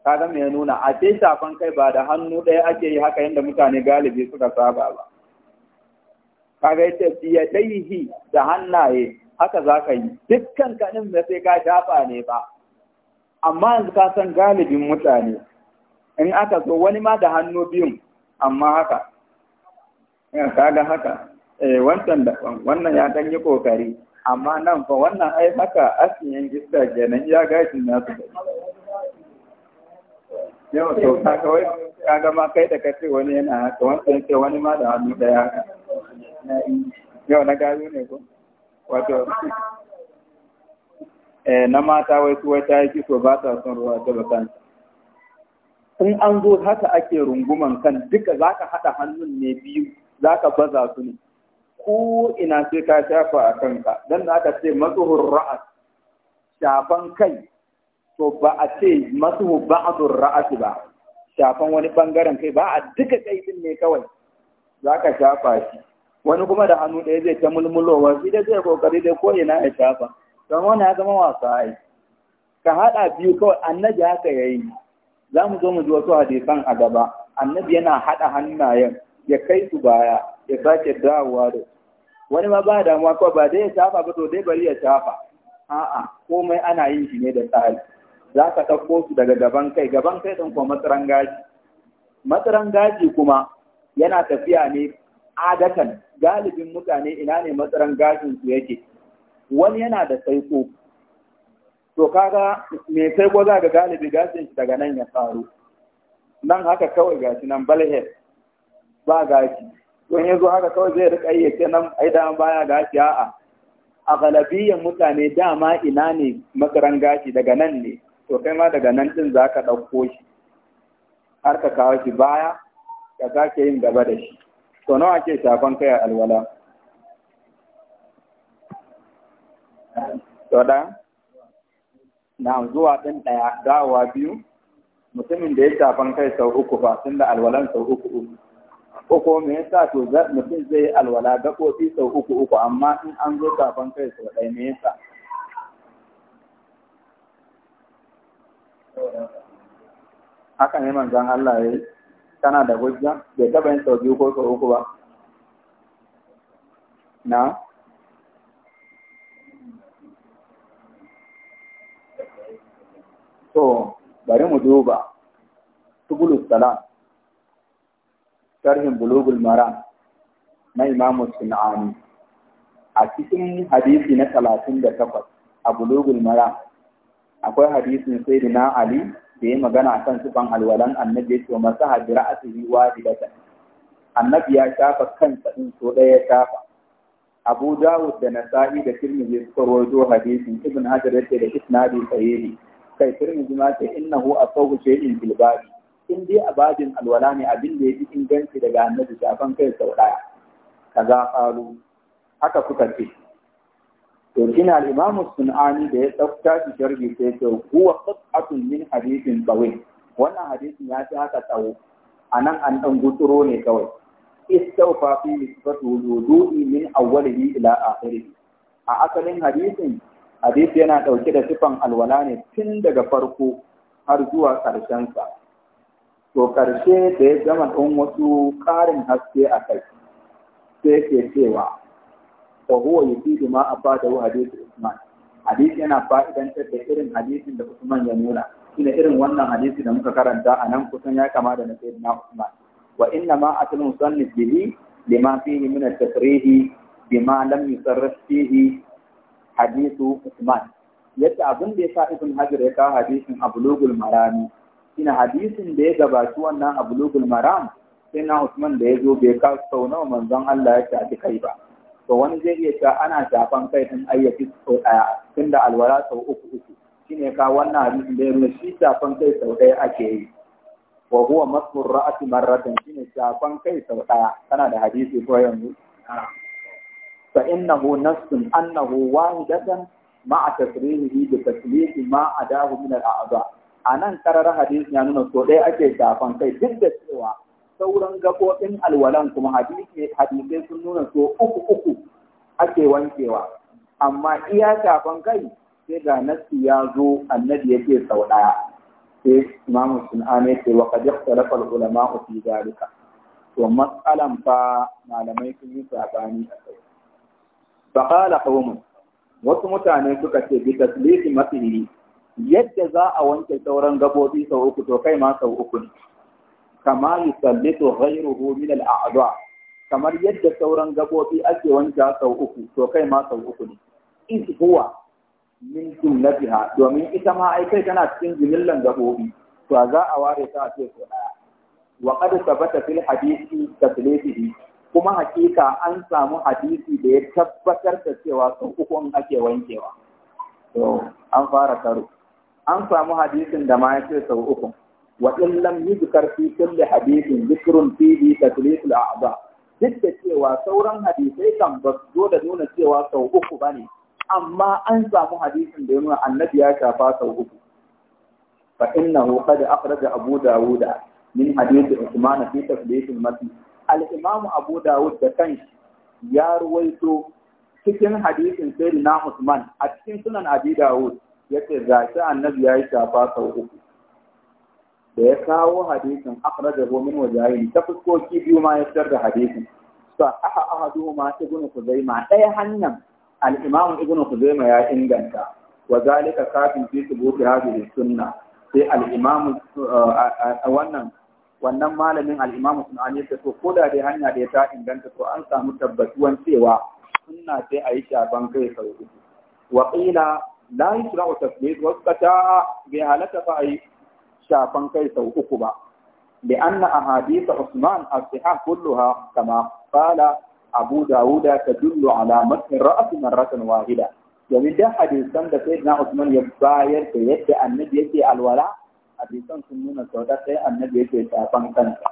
Ka me ya nuna a ce shafan kai ba da hannu ɗaya ake yi haka yadda mutane galibi suka saba ba Ka kaga yace daihi da hannaye haka za ka yi dukkan kanin da sai ka shafa ne ba amma yanzu ka san galibin mutane in aka so wani ma da hannu biyun amma haka kaga haka eh wancan da wannan ya dan yi amma nan fa wannan ai haka asiyan gista kenan ya gashi na su yau to kawai wai kaga ma kai da kace wani yana haka wancan ce wani ma da hannu haka yau na gado ne ko wato eh na mata wai su wai ta yi kiso ba ta son ruwa ta ba in an zo haka ake runguman kan duka za ka haɗa hannun ne biyu za baza su ne ko ina sai ka shafa a kanka dan da aka ce matsuhun ra'as shafan kai to ba a ce masu ba'adun ra'asi ba shafan wani bangaren kai ba a duka kai din ne kawai zaka shafa shi wani kuma da hannu ɗaya zai ta mulmulowa shi da zai kokari da ko ina ya shafa don wani ya zama wasa ai ka haɗa biyu kawai annabi haka ya yi za mu zo mu ji wasu hadisan a gaba annabi yana haɗa hannayen ya kai su baya ya sake dawowa da wani ma ba damuwa kawai ba dai ya shafa ba to dai bari ya shafa a'a komai ana yin shi ne da tsari za ka ɗauko su daga gaban kai gaban kai ɗin kuma matsaran gaji matsaran gaji kuma yana tafiya ne adatan galibin mutane ina ne matsaran gashin su yake wani yana da saiko to kaga me saiko za ga galibi gashin daga nan ya faru nan haka kawai gashi nan balhe ba gashi to in yazo haka kawai zai rika yi ce nan ai da baya gashi a'a a galibiyyan mutane dama ina ne matsaran gashi daga nan ne to kai ma daga nan din zaka ɗauko shi har ka kawo shi baya ka sake yin gaba da shi so nawa ake shafan kai a alwala to da na zuwa ɗin ɗaya dawowa biyu mutumin da ya shafan kai sau uku ba tun da alwalan sau uku uku uku me yasa to mutum zai alwala gaɓoɓi sau uku uku amma in an zo shafan kai sau ɗaya me yasa haka ne manzan Allah ya yi tana da hujja bai taba yin sau biyu ko sau uku ba na so bari mu duba tubulus sala sharhin bulugul mara na imamu sun'ani a cikin hadisi na talatin da takwas a bulugul mara akwai hadisin na ali da ya magana akan sufan alwalan annabi ya ce masu hajjira a da annabi ya shafa kansa in so ɗaya ya shafa abu dawud da nasahi da tirmidhi suka rawaito hadisin ibn hajar yace da isnadi sahihi kai tirmidhi ma ce innahu asawu shay'in fil babi in dai abadin alwala ne abin da yafi inganci daga annabi shafan kai sau ɗaya kaza qalu haka kuka ce to shine al sunani da ya tsafta shi sharhi sai ce huwa qat'atun min hadithin tawil wannan hadisin ya fi haka tsawo anan an dan guturo ne kawai istawfa fi nisbatu wujudi min awwalihi ila akhirihi a asalin hadisin hadisi yana ɗauke da sifan alwala ne tun daga farko har zuwa karshen sa to karshe da ya zama ɗan wasu ƙarin haske a kai sai ke cewa fa huwa yufidu ma wa hadithu Usman hadisi yana fa'idantar da irin hadisin da Usman ya nuna ina irin wannan hadisi da muka karanta a nan kusan ya kama da na Usman wa inna ma atul musannif bihi lima fihi min at-tasrih bima lam yusarraf fihi hadithu Usman yadda abin da ya sa Ibn Hajar ya ka hadisin Abulugul Marami ina hadisin da ya gabaci wannan Abulugul Maram sai na Usman da ya zo bai ka sau nawa manzon Allah ya ce a kai ba to wani zai iya cewa ana shafan kai din ayyaki sau ɗaya tunda alwala sau uku uku shine ka wannan hadisin da ya shi shafan kai sau ɗaya ake yi wa huwa masfur ra'ati marratan shine shafan kai sau ɗaya kana da hadisi ko yanzu fa innahu nassun annahu wahidatan ma'a tasrihi bi taslimi ma adahu min al-a'dha anan karar hadisin ya nuna sau ɗaya ake shafan kai duk da cewa sauran gabobin alwalan kuma hadisai sun nuna so uku uku ake wankewa amma iya shafan kai sai ga nasu ya zo annabi yake sau ɗaya sai imamu ame ce wa qad ikhtalafa ulama fi dalika to matsalan fa malamai sun yi sabani a kai ba kala kawo wasu mutane suka ce bi taslihi yi. yadda za a wanke sauran gabobi sau uku to kai ma sau uku ne kama yusallitu ghayruhu min al-a'dha kamar yadda sauran gabobi ake wanka sau uku to kai ma sau uku ne is huwa min jumlatiha domin ita ma ai kai tana cikin jumillan gabobi to za a ware ta a ce ko daya wa qad sabata fil hadisi kuma hakika an samu hadisi da ya tabbatar da cewa sau uku an ake wankewa to an fara karo an samu hadisin da ma ya ce sau uku وإن لم يذكر في كل حديث ذكر فيه تثليث الأعضاء duk da cewa sauran hadisai kan ba su zo da nuna cewa sau uku ba ne, amma an samu hadisin da ya nuna annabi ya shafa sau uku. Fa inna da kada akhraja Abu Dawuda min hadisi Usman fi tafdith al-mati. Al-Imam Abu Dawud da kanshi ya ruwaito cikin hadisin Sayyidina Usman a cikin sunan Abi Dawud yace gashi annabi ya shafa sau uku. da ya kawo hadisin da gomin wajahin ta fuskoki biyu ma ya fitar da hadisin fa aha ahaduhuma ibnu ma ɗaya hannan al ku zai ma ya inganta wa zalika kafin fi thubuti hadhihi sunna sai al wannan wannan malamin al suna sunani ko da dai hanya da ya ta inganta to an samu tabbatuwan cewa sunna sai a yi shafan kai sau uku wa yi la yusra'u tasbih wa qata bi halaka fa shafan kai sau uku ba bi anna ahadith Usman as-sihah kulluha kama qala Abu Dawud tadullu ala matn ra'at marratan wahida domin da hadisan da sai na Usman ya bayar da yadda annabi yake alwala hadisan sun nuna sau da sai annabi yake shafan kansa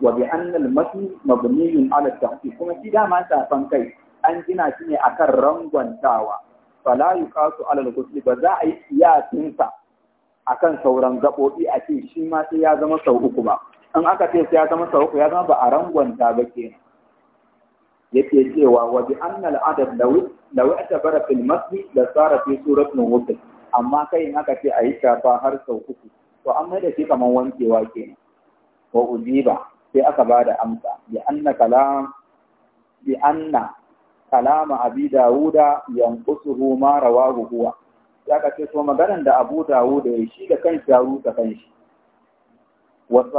wa bi anna al-matn mabniyun ala tahqiq kuma shi dama shafan kai an gina shi ne akan rangwantawa fala yuqasu ala ba za a yi kiyasinsa akan sauran gaɓoɓi a ce shi ma sai ya zama sau uku ba in aka ce sai ya zama sau uku ya zama ba a rangwanta ba Ya yake cewa waje an na al'adar law law atabara fil masjid la sara fi suratin amma kai in aka ce a yi shafa har sau uku to an mai da shi kaman wankewa ke. kenan wa ujiba sai aka ba da amsa bi anna kalam bi anna kalama abi dawuda yanqusuhu ma rawahu huwa ya ka ce so maganan da Abu Dawud ya shi da kanshi ya rusa kanshi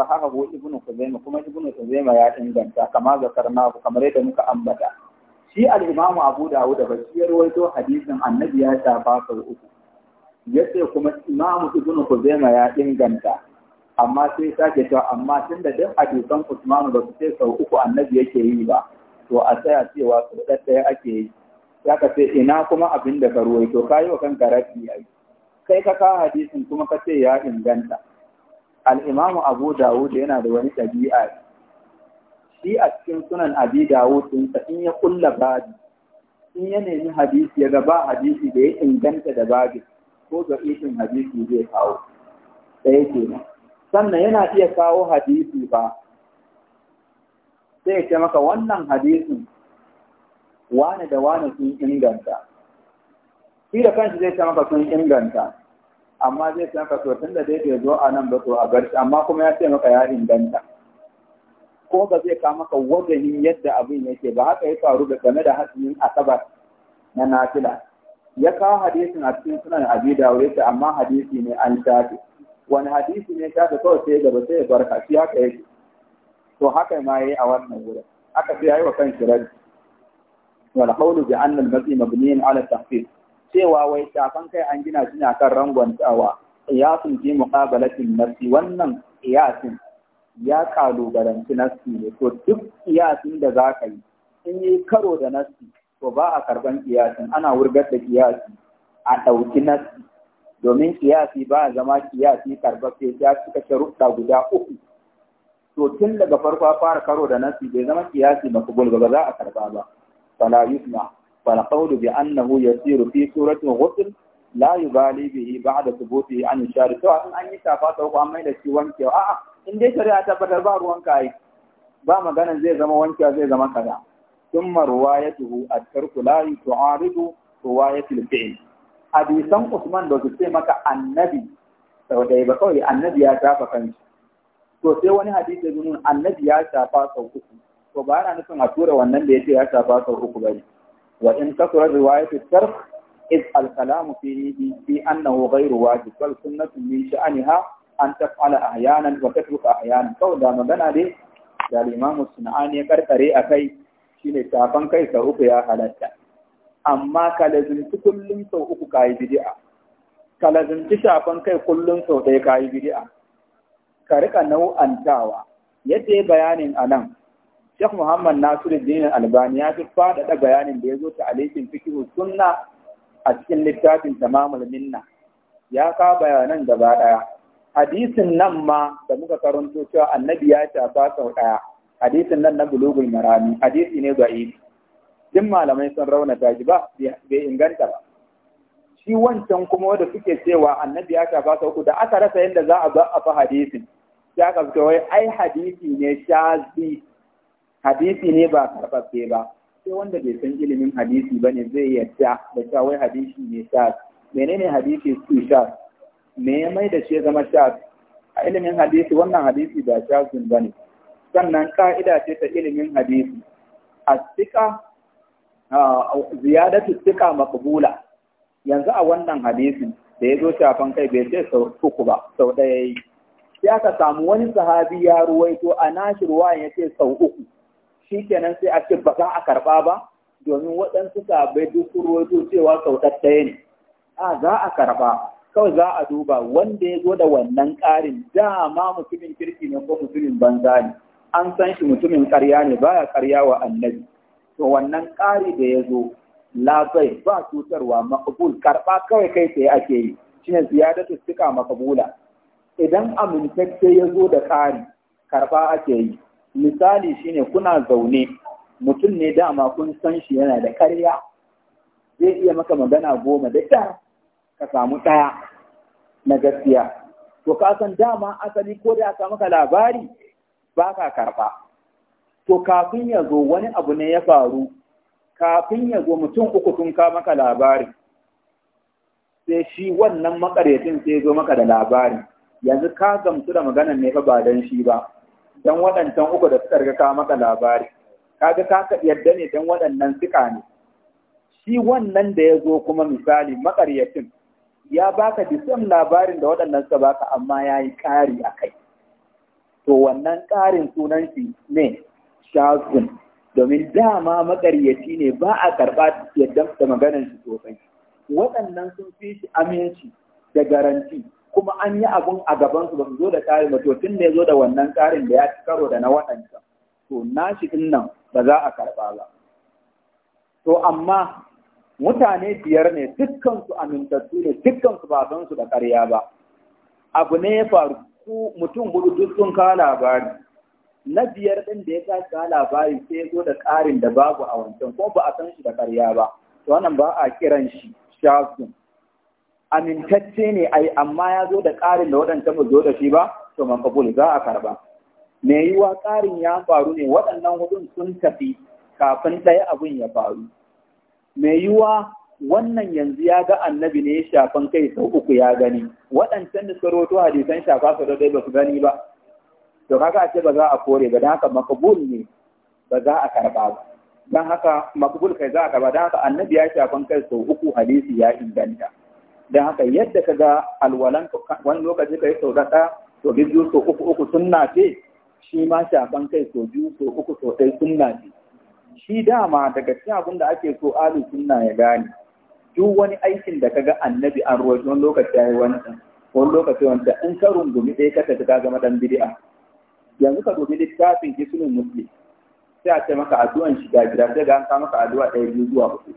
haka ko ibnu Kuzaima kuma ibnu Kuzaima ya inganta kama zakarna kamar yadda muka ambata shi al Abu Dawud da shi ya rawaito hadisin Annabi ya shafa sau uku ce kuma Imam Ibn Kuzaima ya inganta amma sai sake cewa amma tun da duk hadisan Usman ba su ce sau uku Annabi yake yi ba to a tsaya cewa su ɗaya ake yi ya ka ce ina kuma abin da ka ruwaito ka yi wa kanka rafi yi? kai ka ka hadisin kuma ka ce ya inganta al'imamu abu dawud yana da wani ɗabi'a shi a cikin sunan abi dawud ɗinsa in ya kulla babi in ya nemi hadisi ya gaba hadisi da ya inganta da babi ko ga isin hadisi zai kawo ɗaya kenan sannan yana iya kawo hadisi ba sai ya ce maka wannan hadisin wane da wane sun inganta shi da kanshi zai samaka sun inganta amma zai samaka maka da zai zo a nan ba so a garci, amma kuma ya ce maka ya inganta ko ba zai kama ka wajen yadda abin yake ba haka ya faru da game da hasimin asabar na nafila ya kawo hadisin a cikin sunan abi dawo ta amma hadisi ne an shafe wani hadisi ne shafe kawai sai gaba sai ya barka shi haka yake to haka ma ya yi a wannan wurin Haka sai ya yi wa kan shiraji wal qawlu bi anna al mazi mabniyin ala tahqiq cewa wai kafan kai an gina shi ne akan rangwantawa qiyasun fi muqabalatin nafsi wannan qiyasin ya kalubalanci nafsi ne to duk qiyasin da za ka yi in yi karo da nafsi to ba a karban qiyasin ana wurgar da qiyasi a ɗauki nafsi domin kiyasi ba a zama kiyasi karbafe ya cika sharuɗa guda uku to tun daga farko fara karo da nasi bai zama kiyasi makabul ba za a karba ba فلا يسمع فالقول بأنه يسير في سورة غسل لا يبالي به بعد ثبوته عن الشارع سواء أن يتافات أو أما إلى شيء وانك آه آه إن دي شريعة بدل بار وانك أي با مغانا زي زما وانك زي زما كذا ثم روايته الترك لا تعارض رواية الفعل أبي سم عثمان بس مك النبي sau ɗaya ba kawai annabi ya shafa kanshi to sai wani hadisi ya nuna annabi ya shafa sau uku to ba ana nufin a tura wannan da yake ya shafa sau uku bane wa in kasura riwayatu tark iz al kalamu fi fi annahu ghayru wajib wal sunnatu min sha'aniha an taf'ala ahyanan wa a ahyanan kawai da magana dai da limamu sun'ani ya karkare a kai shine shafan kai sau uku ya halatta amma ka lazimci kullum sau uku kayi bid'a ka lazimci shafan kai kullum sau ɗaya kayi bid'a ka rika nau'antawa yadda ya bayanin a nan Sheikh Muhammad Nasiruddin Albani ya fi faɗaɗa bayanin da ya zo ta alaikin fikihu sunna a cikin littafin tamamul minna ya ka bayanan gaba ɗaya hadisin nan ma da muka karanto cewa annabi ya shafa sau ɗaya hadisin nan na bulugul marami hadisi ne ga ibi duk malamai sun raunata shi ba bai inganta ba shi wancan kuma wanda suke cewa annabi ya shafa sau uku da aka rasa yadda za a ba a fa hadisin ya ka wai ai hadisi ne shazi hadisi ne ba karfafe ba sai wanda bai san ilimin hadisi ba ne zai yadda da cewa wai hadisi ne sha menene hadisi su sha me ya mai da shi zama sha a ilimin hadisi wannan hadisi ba shazun ba ne sannan ka'ida ce ta ilimin hadisi astika ziyadatu sika maqbula yanzu a wannan hadisin da ya zo shafan kai bai ce sau uku ba sau ɗaya yi Ya aka samu wani sahabi ya ruwaito a nashi ruwa ya ce sau uku shi kenan sai a ce ba za a karɓa ba domin waɗansu sabai duk ruwaito cewa sautattaye ne a za a karɓa kawai za a duba wanda ya zo da wannan ƙarin dama mutumin kirki ne ko mutumin banza ne an san shi mutumin ƙarya ne baya ƙarya wa annabi to wannan ƙari da ya zo labai ba cutarwa makabul karɓa kawai kai tsaye ake yi shine ziyadatu suka makabula idan amintacce ya zo da ƙari karɓa ake yi misali shine kuna zaune mutum ne dama kun san shi yana da karya zai iya maka magana goma da ta ka samu ɗaya na gaskiya to ka san dama asali ko da aka maka labari ba ka karɓa to kafin ya zo wani abu ne ya faru kafin ya zo mutum uku sun ka maka labari sai shi wannan makaryacin sai zo maka da labari yanzu ka gamsu da maganan ne fa ba don shi ba Dan waɗancan uku da suka riga ka maka labari kaga ka yadda ne dan waɗannan suka ne shi wannan da ya zo kuma misali makaryacin ya baka disan labarin da waɗannan suka baka amma ya yi ƙari a kai to wannan ƙarin sunan shi ne shazun domin dama maƙaryaci ne ba a karɓa yadda da maganar shi sosai waɗannan sun fi shi aminci da garanti kuma an yi abun a gabansu ba su zo da tsarin ba to tun da zo da wannan tsarin da ya ci karo da na waɗancan to na shi ɗin nan ba za a karɓa ba to amma mutane biyar ne dukkansu amintattu ne dukkansu ba san su da ƙarya ba abu ne ya faru ku mutum hudu duk sun kawo labari na biyar ɗin da ya tashi kawo labari sai ya zo da ƙarin da babu a wancan ko ba a san shi da ƙarya ba to wannan ba a kiran shi shafin amintacce ne ai amma ya zo da ƙarin da waɗanda ba zo da shi ba to man kabul za a karba me yiwa ƙarin ya faru ne waɗannan hudun sun tafi kafin ɗaya abin ya faru me yiwa wannan yanzu ya ga annabi ne shafan kai sau uku ya gani waɗancan da suka roto hadisan shafa su ɗaya ba su gani ba to kaga a ce ba za a kore ba don haka makabul ne ba za a karba ba don haka makabul kai za a karba don haka annabi ya shafan kai sau uku hadisi ya inganta don haka yadda ka ga alwalan wani lokaci ka yi sau ɗaya sau biyu sau uku uku sun ce shi ma shafan kai sau biyu sau uku sau sun sunna ce shi dama daga cikin abin da ake so alu sunna ya gane duk wani aikin da ka ga annabi an ruwaito wani lokaci ya yi wancan wani lokaci wancan in ka rungumi ɗaya ka tafi ka gama ɗan bidi'a yanzu ka dubi littafin hisnul musli sai a ce maka addu'an shiga gida sai ga an ka maka addu'a ɗaya biyu zuwa huɗu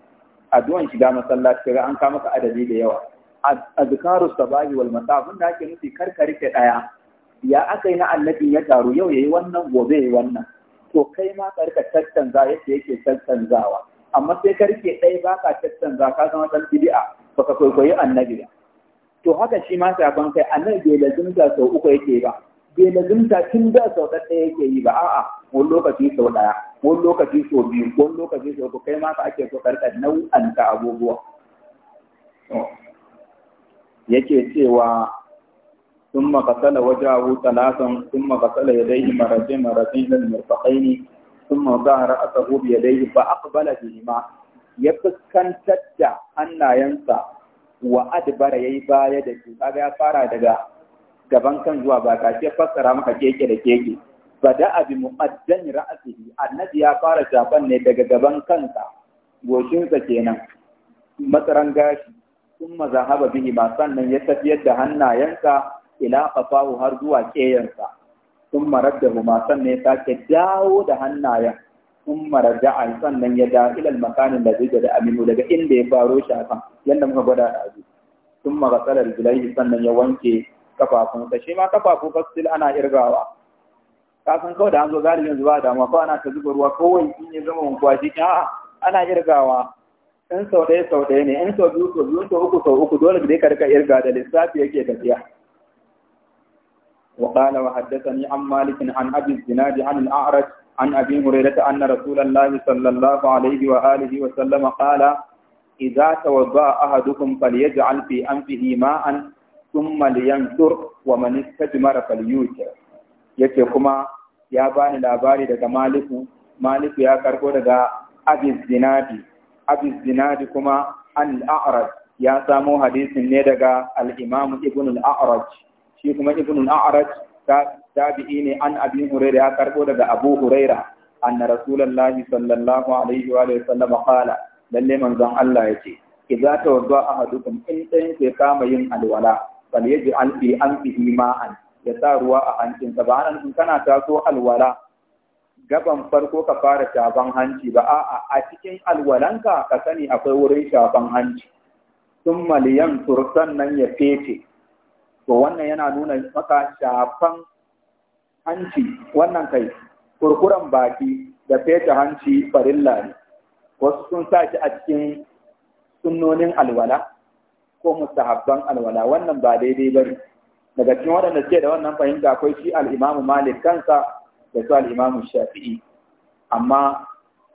addu'an shiga masallaci ga an ka maka adadi da yawa azkarus sabahi wal masa abin da ake nufi karkari ta daya ya aka na annabi ya taru yau yayi wannan gobe yayi wannan to kai ma karka tattanza yake yake tattanzawa amma sai karke ɗaya baka ka tattanza ka zama dan bid'a ba ka kwaikwayi annabi ba to haka shi ma sabon kai annabi bai lazimta sau uku yake ba bai lazimta tun da sau ɗaya yake yi ba a'a wani lokaci sau ɗaya wani lokaci sau biyu wani lokaci sau uku kai ma ka ake so karka nau'anta abubuwa yake cewa sun sun waje ثم غسل وجهه ثلاثا ثم غسل يديه مرتين مرتين الى ba a وضع راسه بيديه ma. Ya fuskantar da hannayensa wa adbara yi baya da su kaga ya fara daga gaban kan zuwa ba ka ce fassara maka keke da keke Ba da bi mu'addan ra'asihi annabi ya fara shafan ne daga gaban kansa goshinsa kenan matsaran gashi thumma zahaba bihi ba sannan ya tafiyar da hannayensa ila kafahu har zuwa keyansa thumma raddahu huma sannan ya sake dawo da hannayen thumma a sannan ya da ilal makanin da zai da aminu daga inda ya faro shi a kan, yadda muka gwada da azu thumma ghasala rijlaihi sannan ya wanke kafafunsa shi ma kafafu fasil ana irgawa Kafin kawai da an zo galibin zuba damuwa kawai ana ta zuba ruwa kawai in ya zama wankuwa shi a'a ana irgawa in sau ɗaya sau ɗaya ne in sau biyu sau biyu sau uku sau uku dole da ya karka irga da lissafi yake tafiya وقال وحدثني عن مالك عن ابي الزناد عن الاعرج عن ابي هريره ان رسول الله صلى الله عليه واله وسلم قال اذا توضا احدكم فليجعل في انفه ماء ثم لينثر ومن استجمر فليوتر yake kuma ya bani labari daga maliku maliku ya karko daga abin zinadi abi zinadi kuma an al ya samo hadisin ne daga al ibn al-a'raj shi kuma ibn al-a'raj tabi'i ne an abi ya karbo daga abu hurairah anna rasulullahi sallallahu alaihi wa sallam qala lalle manzon Allah yace idza tawadda ahadukum in dayan ke kama yin alwala fal yaj'al fi anfihi ma'an ya sa ruwa a hancinsa ba in kana taso alwala gaban farko ka fara shafan hanci ba a'a a cikin alwalanka ka sani akwai wurin shafan hanci sun maliyan tursan nan ya fete to wannan yana nuna maka shafan hanci wannan kai kurkuren baki da fete hanci farin ne wasu sun sa shi a cikin sunnonin alwala ko mustahabban alwala wannan ba daidai bane daga cikin waɗanda suke da wannan fahimta akwai shi al'imamu Malik kansa da su al’imamun shafi'i amma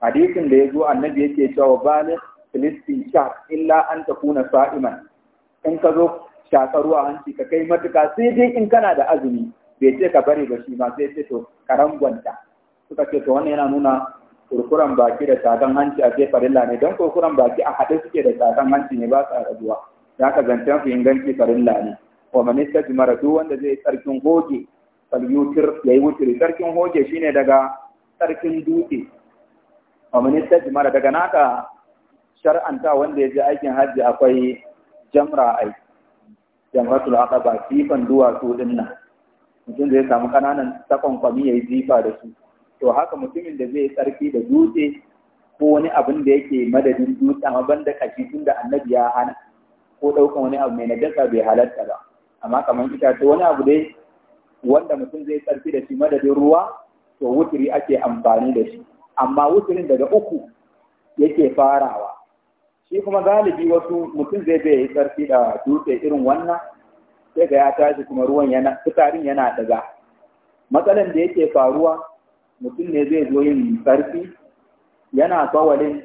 hadisin da ya zo annabi yake cewa balin filistin sha illa an ta kuna sa'iman in ka zo shaƙa ruwa hanci ka kai matuka sai dai in kana da azumi bai ce ka bari ba shi ma sai ce to gwanta suka ce to wannan yana nuna kurkuran baki da tsadan hanci a ke farilla ne don kurkuran baki a haɗe suke da tsadan hanci ne ba su a rabuwa za ka zancen su inganci farilla ne wa manista jimara duk wanda zai tsarkin goge falyutir yayi wutiri sarkin hoge shine daga sarkin dutse wa minista mara daga naka shar'anta wanda ya je aikin hajji akwai jamra ai jamratul aqaba sifan duwatsu din nan mutum zai samu kananan sakon kwami yayi jifa da su to haka mutumin da zai sarki da dutse ko wani abin da yake madadin dutse amma banda kashi tunda annabi ya hana ko daukan wani abu mai najasa bai halatta ba amma kamar ita to wani abu dai wanda mutum zai tsarki da shi madadin ruwa to wuturi ake amfani da shi amma wuturin daga uku yake farawa shi kuma galibi wasu mutum zai bai yi tsarki da dutse irin wannan sai ga ya tashi kuma ruwan yana fitarin yana daga matsalan da yake faruwa mutum ne zai zo yin tsarki yana tsawalin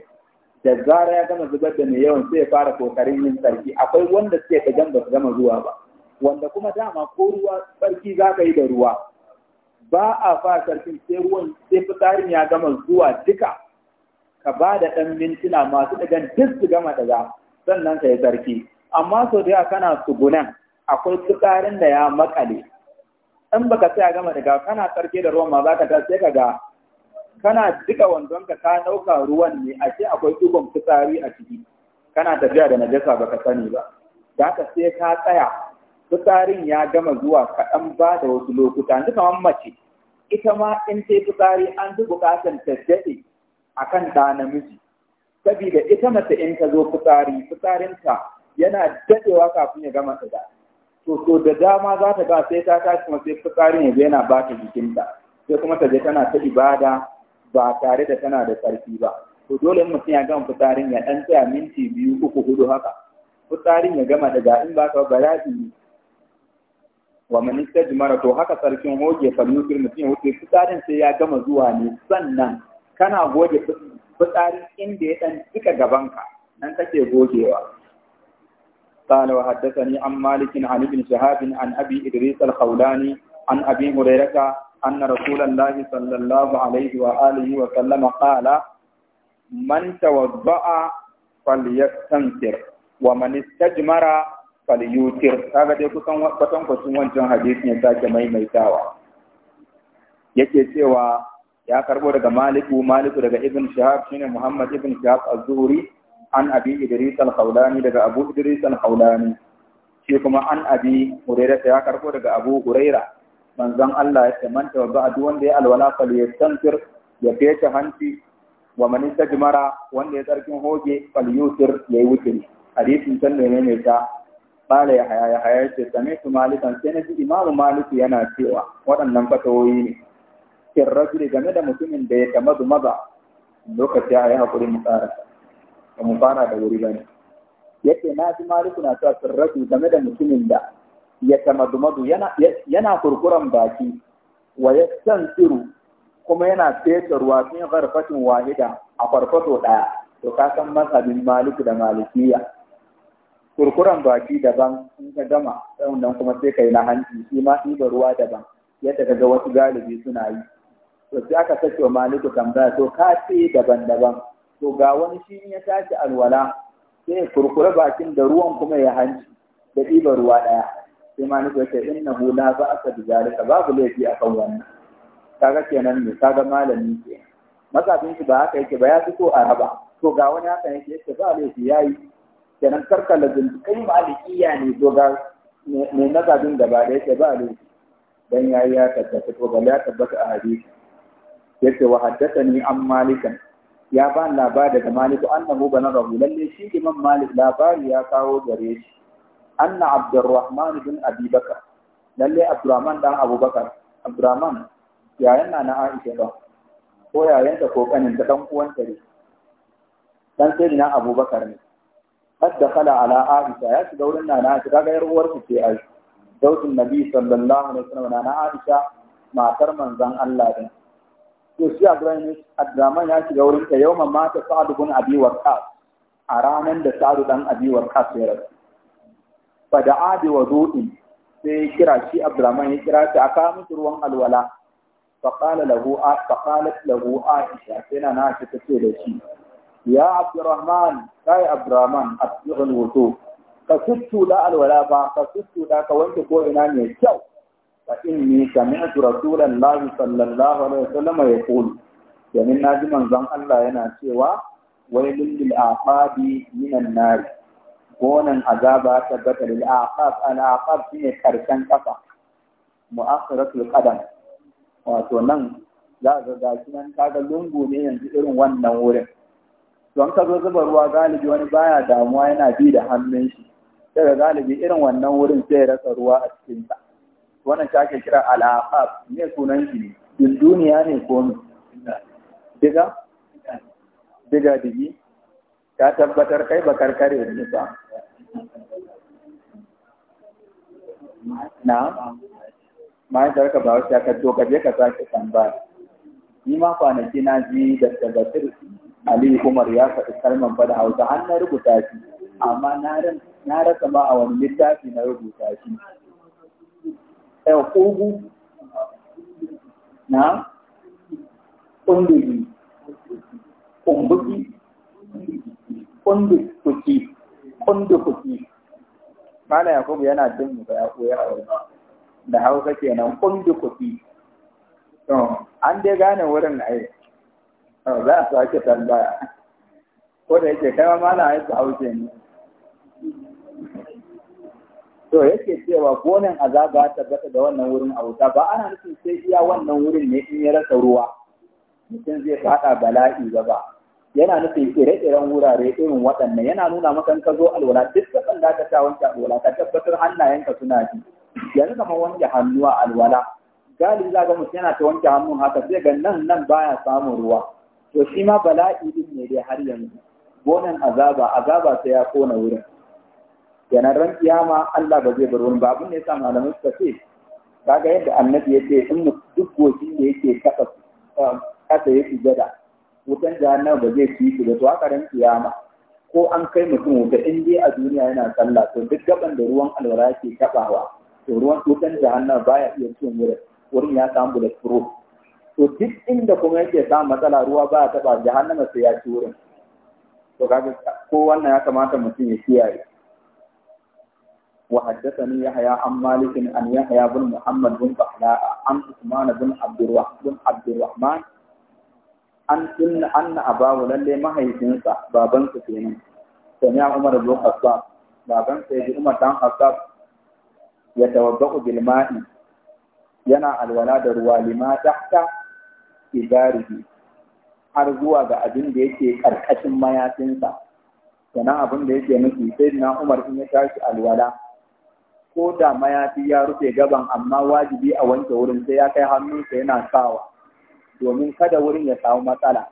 da zara ya gama zubar da mai yawan sai ya fara kokarin yin tsarki akwai wanda suke kajan ba su gama zuwa ba wanda kuma dama ko ruwa sarki za ka yi da ruwa ba a fa sarkin sai ruwan sai fitarin ya gama zuwa duka ka ba da ɗan mintuna masu ɗigan duk su gama daga sannan ka yi sarki amma sau da yawa kana tsugunan akwai fitarin da ya makale in baka sai a gama daga kana sarki da ruwan ma za ka ta sai ka ga kana duka wandon ka ka ɗauka ruwan ne a ce akwai ɗigon fitsari a ciki kana tafiya da najasa baka sani ba da haka sai ka tsaya fitsarin ya gama zuwa kaɗan ba da wasu lokuta yanzu kamar mace ita ma in ta fitsari an fi bukatar ta daɗe a kan ɗa namiji saboda ita mace in ta zo fitsari fitsarinta yana daɗewa kafin ya gama tsada to to da dama za ta ga sai ta tashi kuma sai fitsarin ya yana ba ta jikinta sai kuma ta je tana ta ibada ba tare da tana da ƙarfi ba to dole in mutum ya gama fitsarin ya ɗan tsaya minti biyu uku hudu haka fitsarin ya gama daga in ba ka ba wa man istajmara to haka sarkin hoge falyukir mutum wuce fitsarin sai ya gama zuwa ne sannan kana goge fitsarin inda ya dan cika gabanka nan kake gogewa قال وحدثني عن مالك عن ابن شهاب عن ابي ادريس الخولاني عن ابي هريره ان رسول الله صلى الله عليه واله وسلم قال من توضأ فليستنكر ومن استجمر falyutir kaga dai kusan kwatan kwatan wancan hadisin ya sake maimaitawa yake cewa ya karbo daga maliku maliku daga ibn shahab shine muhammad ibn shahab az-zuhri an abi idris al-khawlani daga abu idris al-khawlani shi kuma an abi Hurayra ya karbo daga abu Hurayra manzon Allah ya ce wa ba'du wanda ya alwala falyastanfir ya fece hanci wa man istajmara wanda ya tsarkin hoge falyutir yayi wuce hadisin sanne ne ne ta قال يا حيا يا حيا يتي سمعت مالكا سنجي إمام مالك ينا سيوا ودن نمفتوين في الرجل جمد مسلم بيت مض مضى لوكا يا حيا قولي مقارا دوري بني yake na ji na cewa sirratu game da mutumin da ya tamadumadu yana yana kurkuran baki wa tsiru kuma yana fesa ruwa cikin garfatin wahida a farfato ɗaya to ka san mazhabin maliku da malikiya kurkuran baki daban in ka gama sannan kuma sai ka yi na hanci shi ma ɗiba ruwa daban yadda ka ga wasu galibi suna yi to sai aka sake wa maliku tambaya to ka ce daban-daban to ga wani shi ya tashi alwala sai kurkure bakin da ruwan kuma ya hanci da ɗiba ruwa ɗaya sai maliku na in na la ba a bi zalika babu laifi akan wannan kaga kenan ne kaga malami ke masafin shi ba haka yake ba ya fito a raba to ga wani haka yake yake ba laifi yi. kenan da kai malikiya ne doga ne nazabin gaba da yake ba ne dan yayi ya tabbata to ba ya tabbata a hadisi yace wa ni an malikan ya ba labari daga maliku annahu ban rabu lalle shi imam malik labari ya kawo gare shi anna abdurrahman bin abi bakar lalle abdurrahman dan abubakar abdurrahman yayan na na aisha ba ko yayan ta kokanin ta dan uwan ne dan sai na abubakar ne قد دخل على عائشة يا تقول لنا أنا عائشة غير ورث في عائشة زوج النبي صلى الله عليه وسلم أنا عائشة ما ترمن Allah الله to shi ya shiga wurin ta yau mamma ta Sa'ad bin Abi a ranar da Sa'ad dan Abi Waqqas ya rasu fa da sai kira shi Abdurrahman ya kira ta aka musu ruwan alwala fa qala lahu fa qalat lahu Aisha ta ce da shi ya abdurrahman kai abdurrahman asbihul wudu ka suttu da alwala ba ka suttu da ka wanke ko ina mai kyau fa inni sami'tu rasulullahi sallallahu alaihi wasallam yaqul domin na ji manzon Allah yana cewa wailul lil aqabi minan nar gonan azaba ta bata lil aqab al aqab karshen kafa mu'akhiratul qadam wato nan za ga gashi nan kaga lungu ne yanzu irin wannan wurin don ka zo zuba ruwa galibi wani baya damuwa yana bi da hannun shi daga galibi irin wannan wurin sai ya rasa ruwa a cikin sa wannan ta ake kira al'aqab ne sunan shi din duniya ne ko ne diga diga digi ta tabbatar kai ba karkare ne ba na mahaifiyarka ba wasu ya ka to ka je ka sake tambaya ni ma kwanaki na ji da tabbatar Ali Umar ya faɗi kalman fa Hausa an na rubuta shi amma na rasa ma a wani littafi na rubuta shi. Ɗaya kogu na ƙunduri, ƙumbuki, ƙundukuki, ƙundukuki. Mala Yakubu yana jin mu ya koya a wani. Da Hausa kenan ƙundukuki. An dai gane wurin ai. Ah, za a sake tambaya ko da yake kai ma na haifu hauce ni. to yake cewa gonan azaba ta bata da wannan wurin auta ba ana nufin sai iya wannan wurin ne in ya rasa ruwa mutum zai fada bala'i ba yana nufin ire-iren wurare irin waɗannan yana nuna maka ka zo alwala duk kan da ka ta wanke alwala ka tabbatar hannayenka suna ji yanzu kama wanke hannu alwala galibi za ga mutum yana ta wanke hannun haka sai ga nan nan baya samun ruwa to shi ma bala'i din ne dai har yanzu gonan azaba azaba sai ya kona wurin yana ran kiyama Allah ba zai bar wani babu ne yasa malamai suka ce kaga yadda annabi ya in duk goshi da yake kasa um, kasa yake jada wutan jahannam ba zai ci shi da to aka ran kiyama ko an kai mutum wuta in dai a duniya yana sallah to duk gaban da ruwan alwara ke kafawa to ruwan wutan jahannam baya iya cin wurin wurin ya samu da furo to duk inda kuma yake samun matsala ruwa ba ta ba jahannama sai ya ci wurin to kaga ko wannan ya kamata mutum ya kiyaye wa ya haya an malik an yahya bin muhammad bin bahla an usman bin abdurrahman an abdurrahman an na anna abahu lalle mahaifinsa baban su ni a umar bin khattab baban ya yaji umar dan khattab ya tawaddu bil ma'i yana alwala da ruwa lima ta. izarihi har zuwa ga abin da yake karkashin mayafinsa sannan abin da yake nufi sai na umar in ya tashi alwala ko da mayafi ya rufe gaban amma wajibi a wanke wurin sai ya kai hannunsa yana sawa domin kada wurin ya samu matsala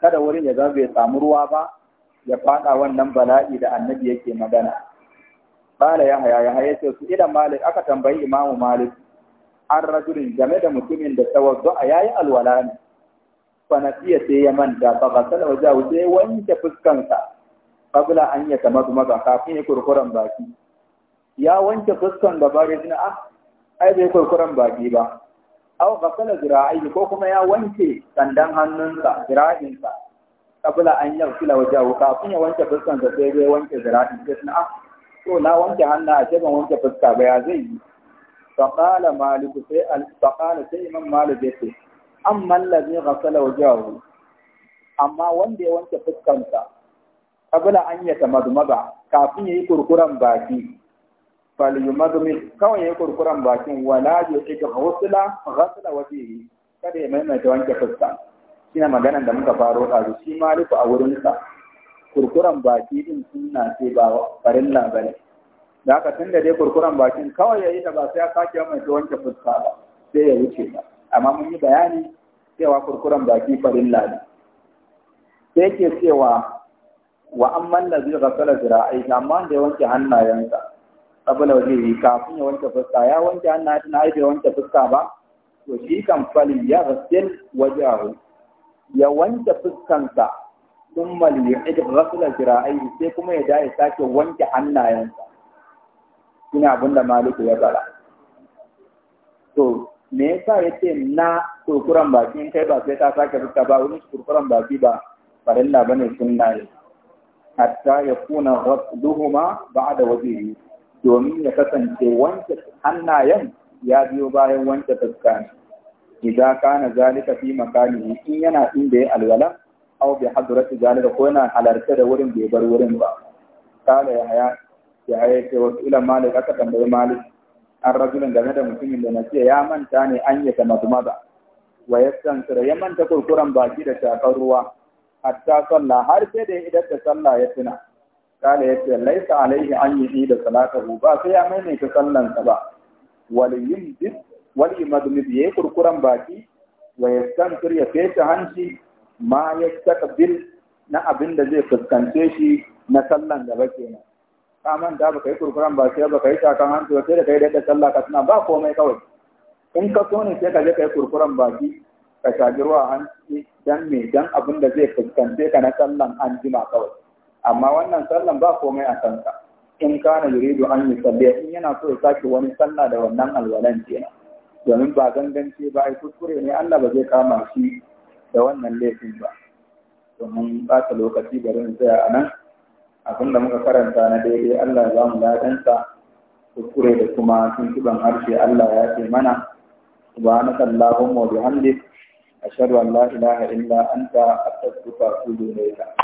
kada wurin ya zama bai samu ruwa ba ya faɗa wannan bala'i da annabi yake magana bala ya haya ya haya ce su idan malik aka tambayi imamu malik an rajulin game da mutumin da tawaddu a yayi alwala ne nasiya sai ya manta fa qasala wajahu sai wanke fuskansa qabla an ya tamadu maga kafin ya kurkuran baki ya wanke fuskan gaba da na ah ai bai kurkuran baki ba aw qasala zira'i ko kuma ya wanke sandan hannunsa zira'insa qabla an ya kula wajahu kafin ya wanke fuskansa sai bai wanke zira'i sai na ah to na wanke hannu a ban wanke fuska ba ya zai yi faƙala maliku sai faƙala sai imam malik ya ce amma allazi ghasala wajahu amma wanda ya wanke fuskansa kabla an ya tamadmaga kafin yayi kurkuran baki fal yumadmi kawai yayi kurkuran bakin wala yu'ika ghusla ghasala wajhihi kada ya maimaita wanke fuska shine maganan da muka faru ɗazu shi maliku a wurinsa kurkuran baki din sunna ce ba farin bane da aka tun da dai kurkuren bakin kawai ya yi da ba sai ya sake mai wanke fuska ba sai ya wuce ba amma mun yi bayani cewa kurkuren baki farin ne sai ke cewa wa amman ladhi a yi amma da ya wanke hannayensa wani yi kafin ya wanke fuska ya wanke hannaye na ai wanke fuska ba to shi kan fali ya ghasil wajahu ya wanke fuskansa sun ya thumma liyu'id a yi sai kuma ya dai sake wanke hannayensa shine abin da maliku ya fara to me yasa ce na kurkuran baki in kai ba sai ta sake fita ba wurin kurkuran baki ba farilla bane sunna ne hatta ya kuna wasduhuma ba'da wajhihi domin ya kasance wanke hannayen ya biyo bayan wanke fuska idan kana zalika fi makanihi in yana inda ya alwala aw bi hadrati zalika ko yana halarta da wurin bai bar wurin ba kala ya haya ya ayyake wasu ilan malik aka tambayi malik an rajulin game da mutumin da na ce ya manta ne an yi ta maza wa ya sansira ya manta kurkuran baki da shakar ruwa hatta sallah har sai da ya idar da sallah ya tuna kala ya ce laisa alaihi an yi da salatahu ba sai ya maimaita sallansa ba waliyin duk wali madmid ya yi kurkuran baki wa ya sansir ya fece hanci ma ya saka bil na abin da zai fuskance shi na sallan gaba kenan ka manta ba ka yi kurkuran ba sai ba yi shakan hantu sai da ka yi daɗa sallah ka tuna ba komai kawai in ka so ne sai ka je ka yi kurkuran baki ka shaji ruwa hanci dan me dan abin da zai fuskance ka na sallan an jima kawai amma wannan sallan ba komai a kanka in kana yuridu an yi in yana so ya sake wani sallah da wannan alwalan kenan domin ba gangance ba ai kuskure ne Allah ba zai kama shi da wannan laifin ba domin ba ta lokaci garin tsaya a nan abinda muka karanta na daidai Allah ya mu daɗinsa kuskure da kuma tuntuban harshe Allah ya ce mana subhanaka allahumma wa bihamdik ashhadu an la ilaha illa anta astaghfiruka wa atubu ilayka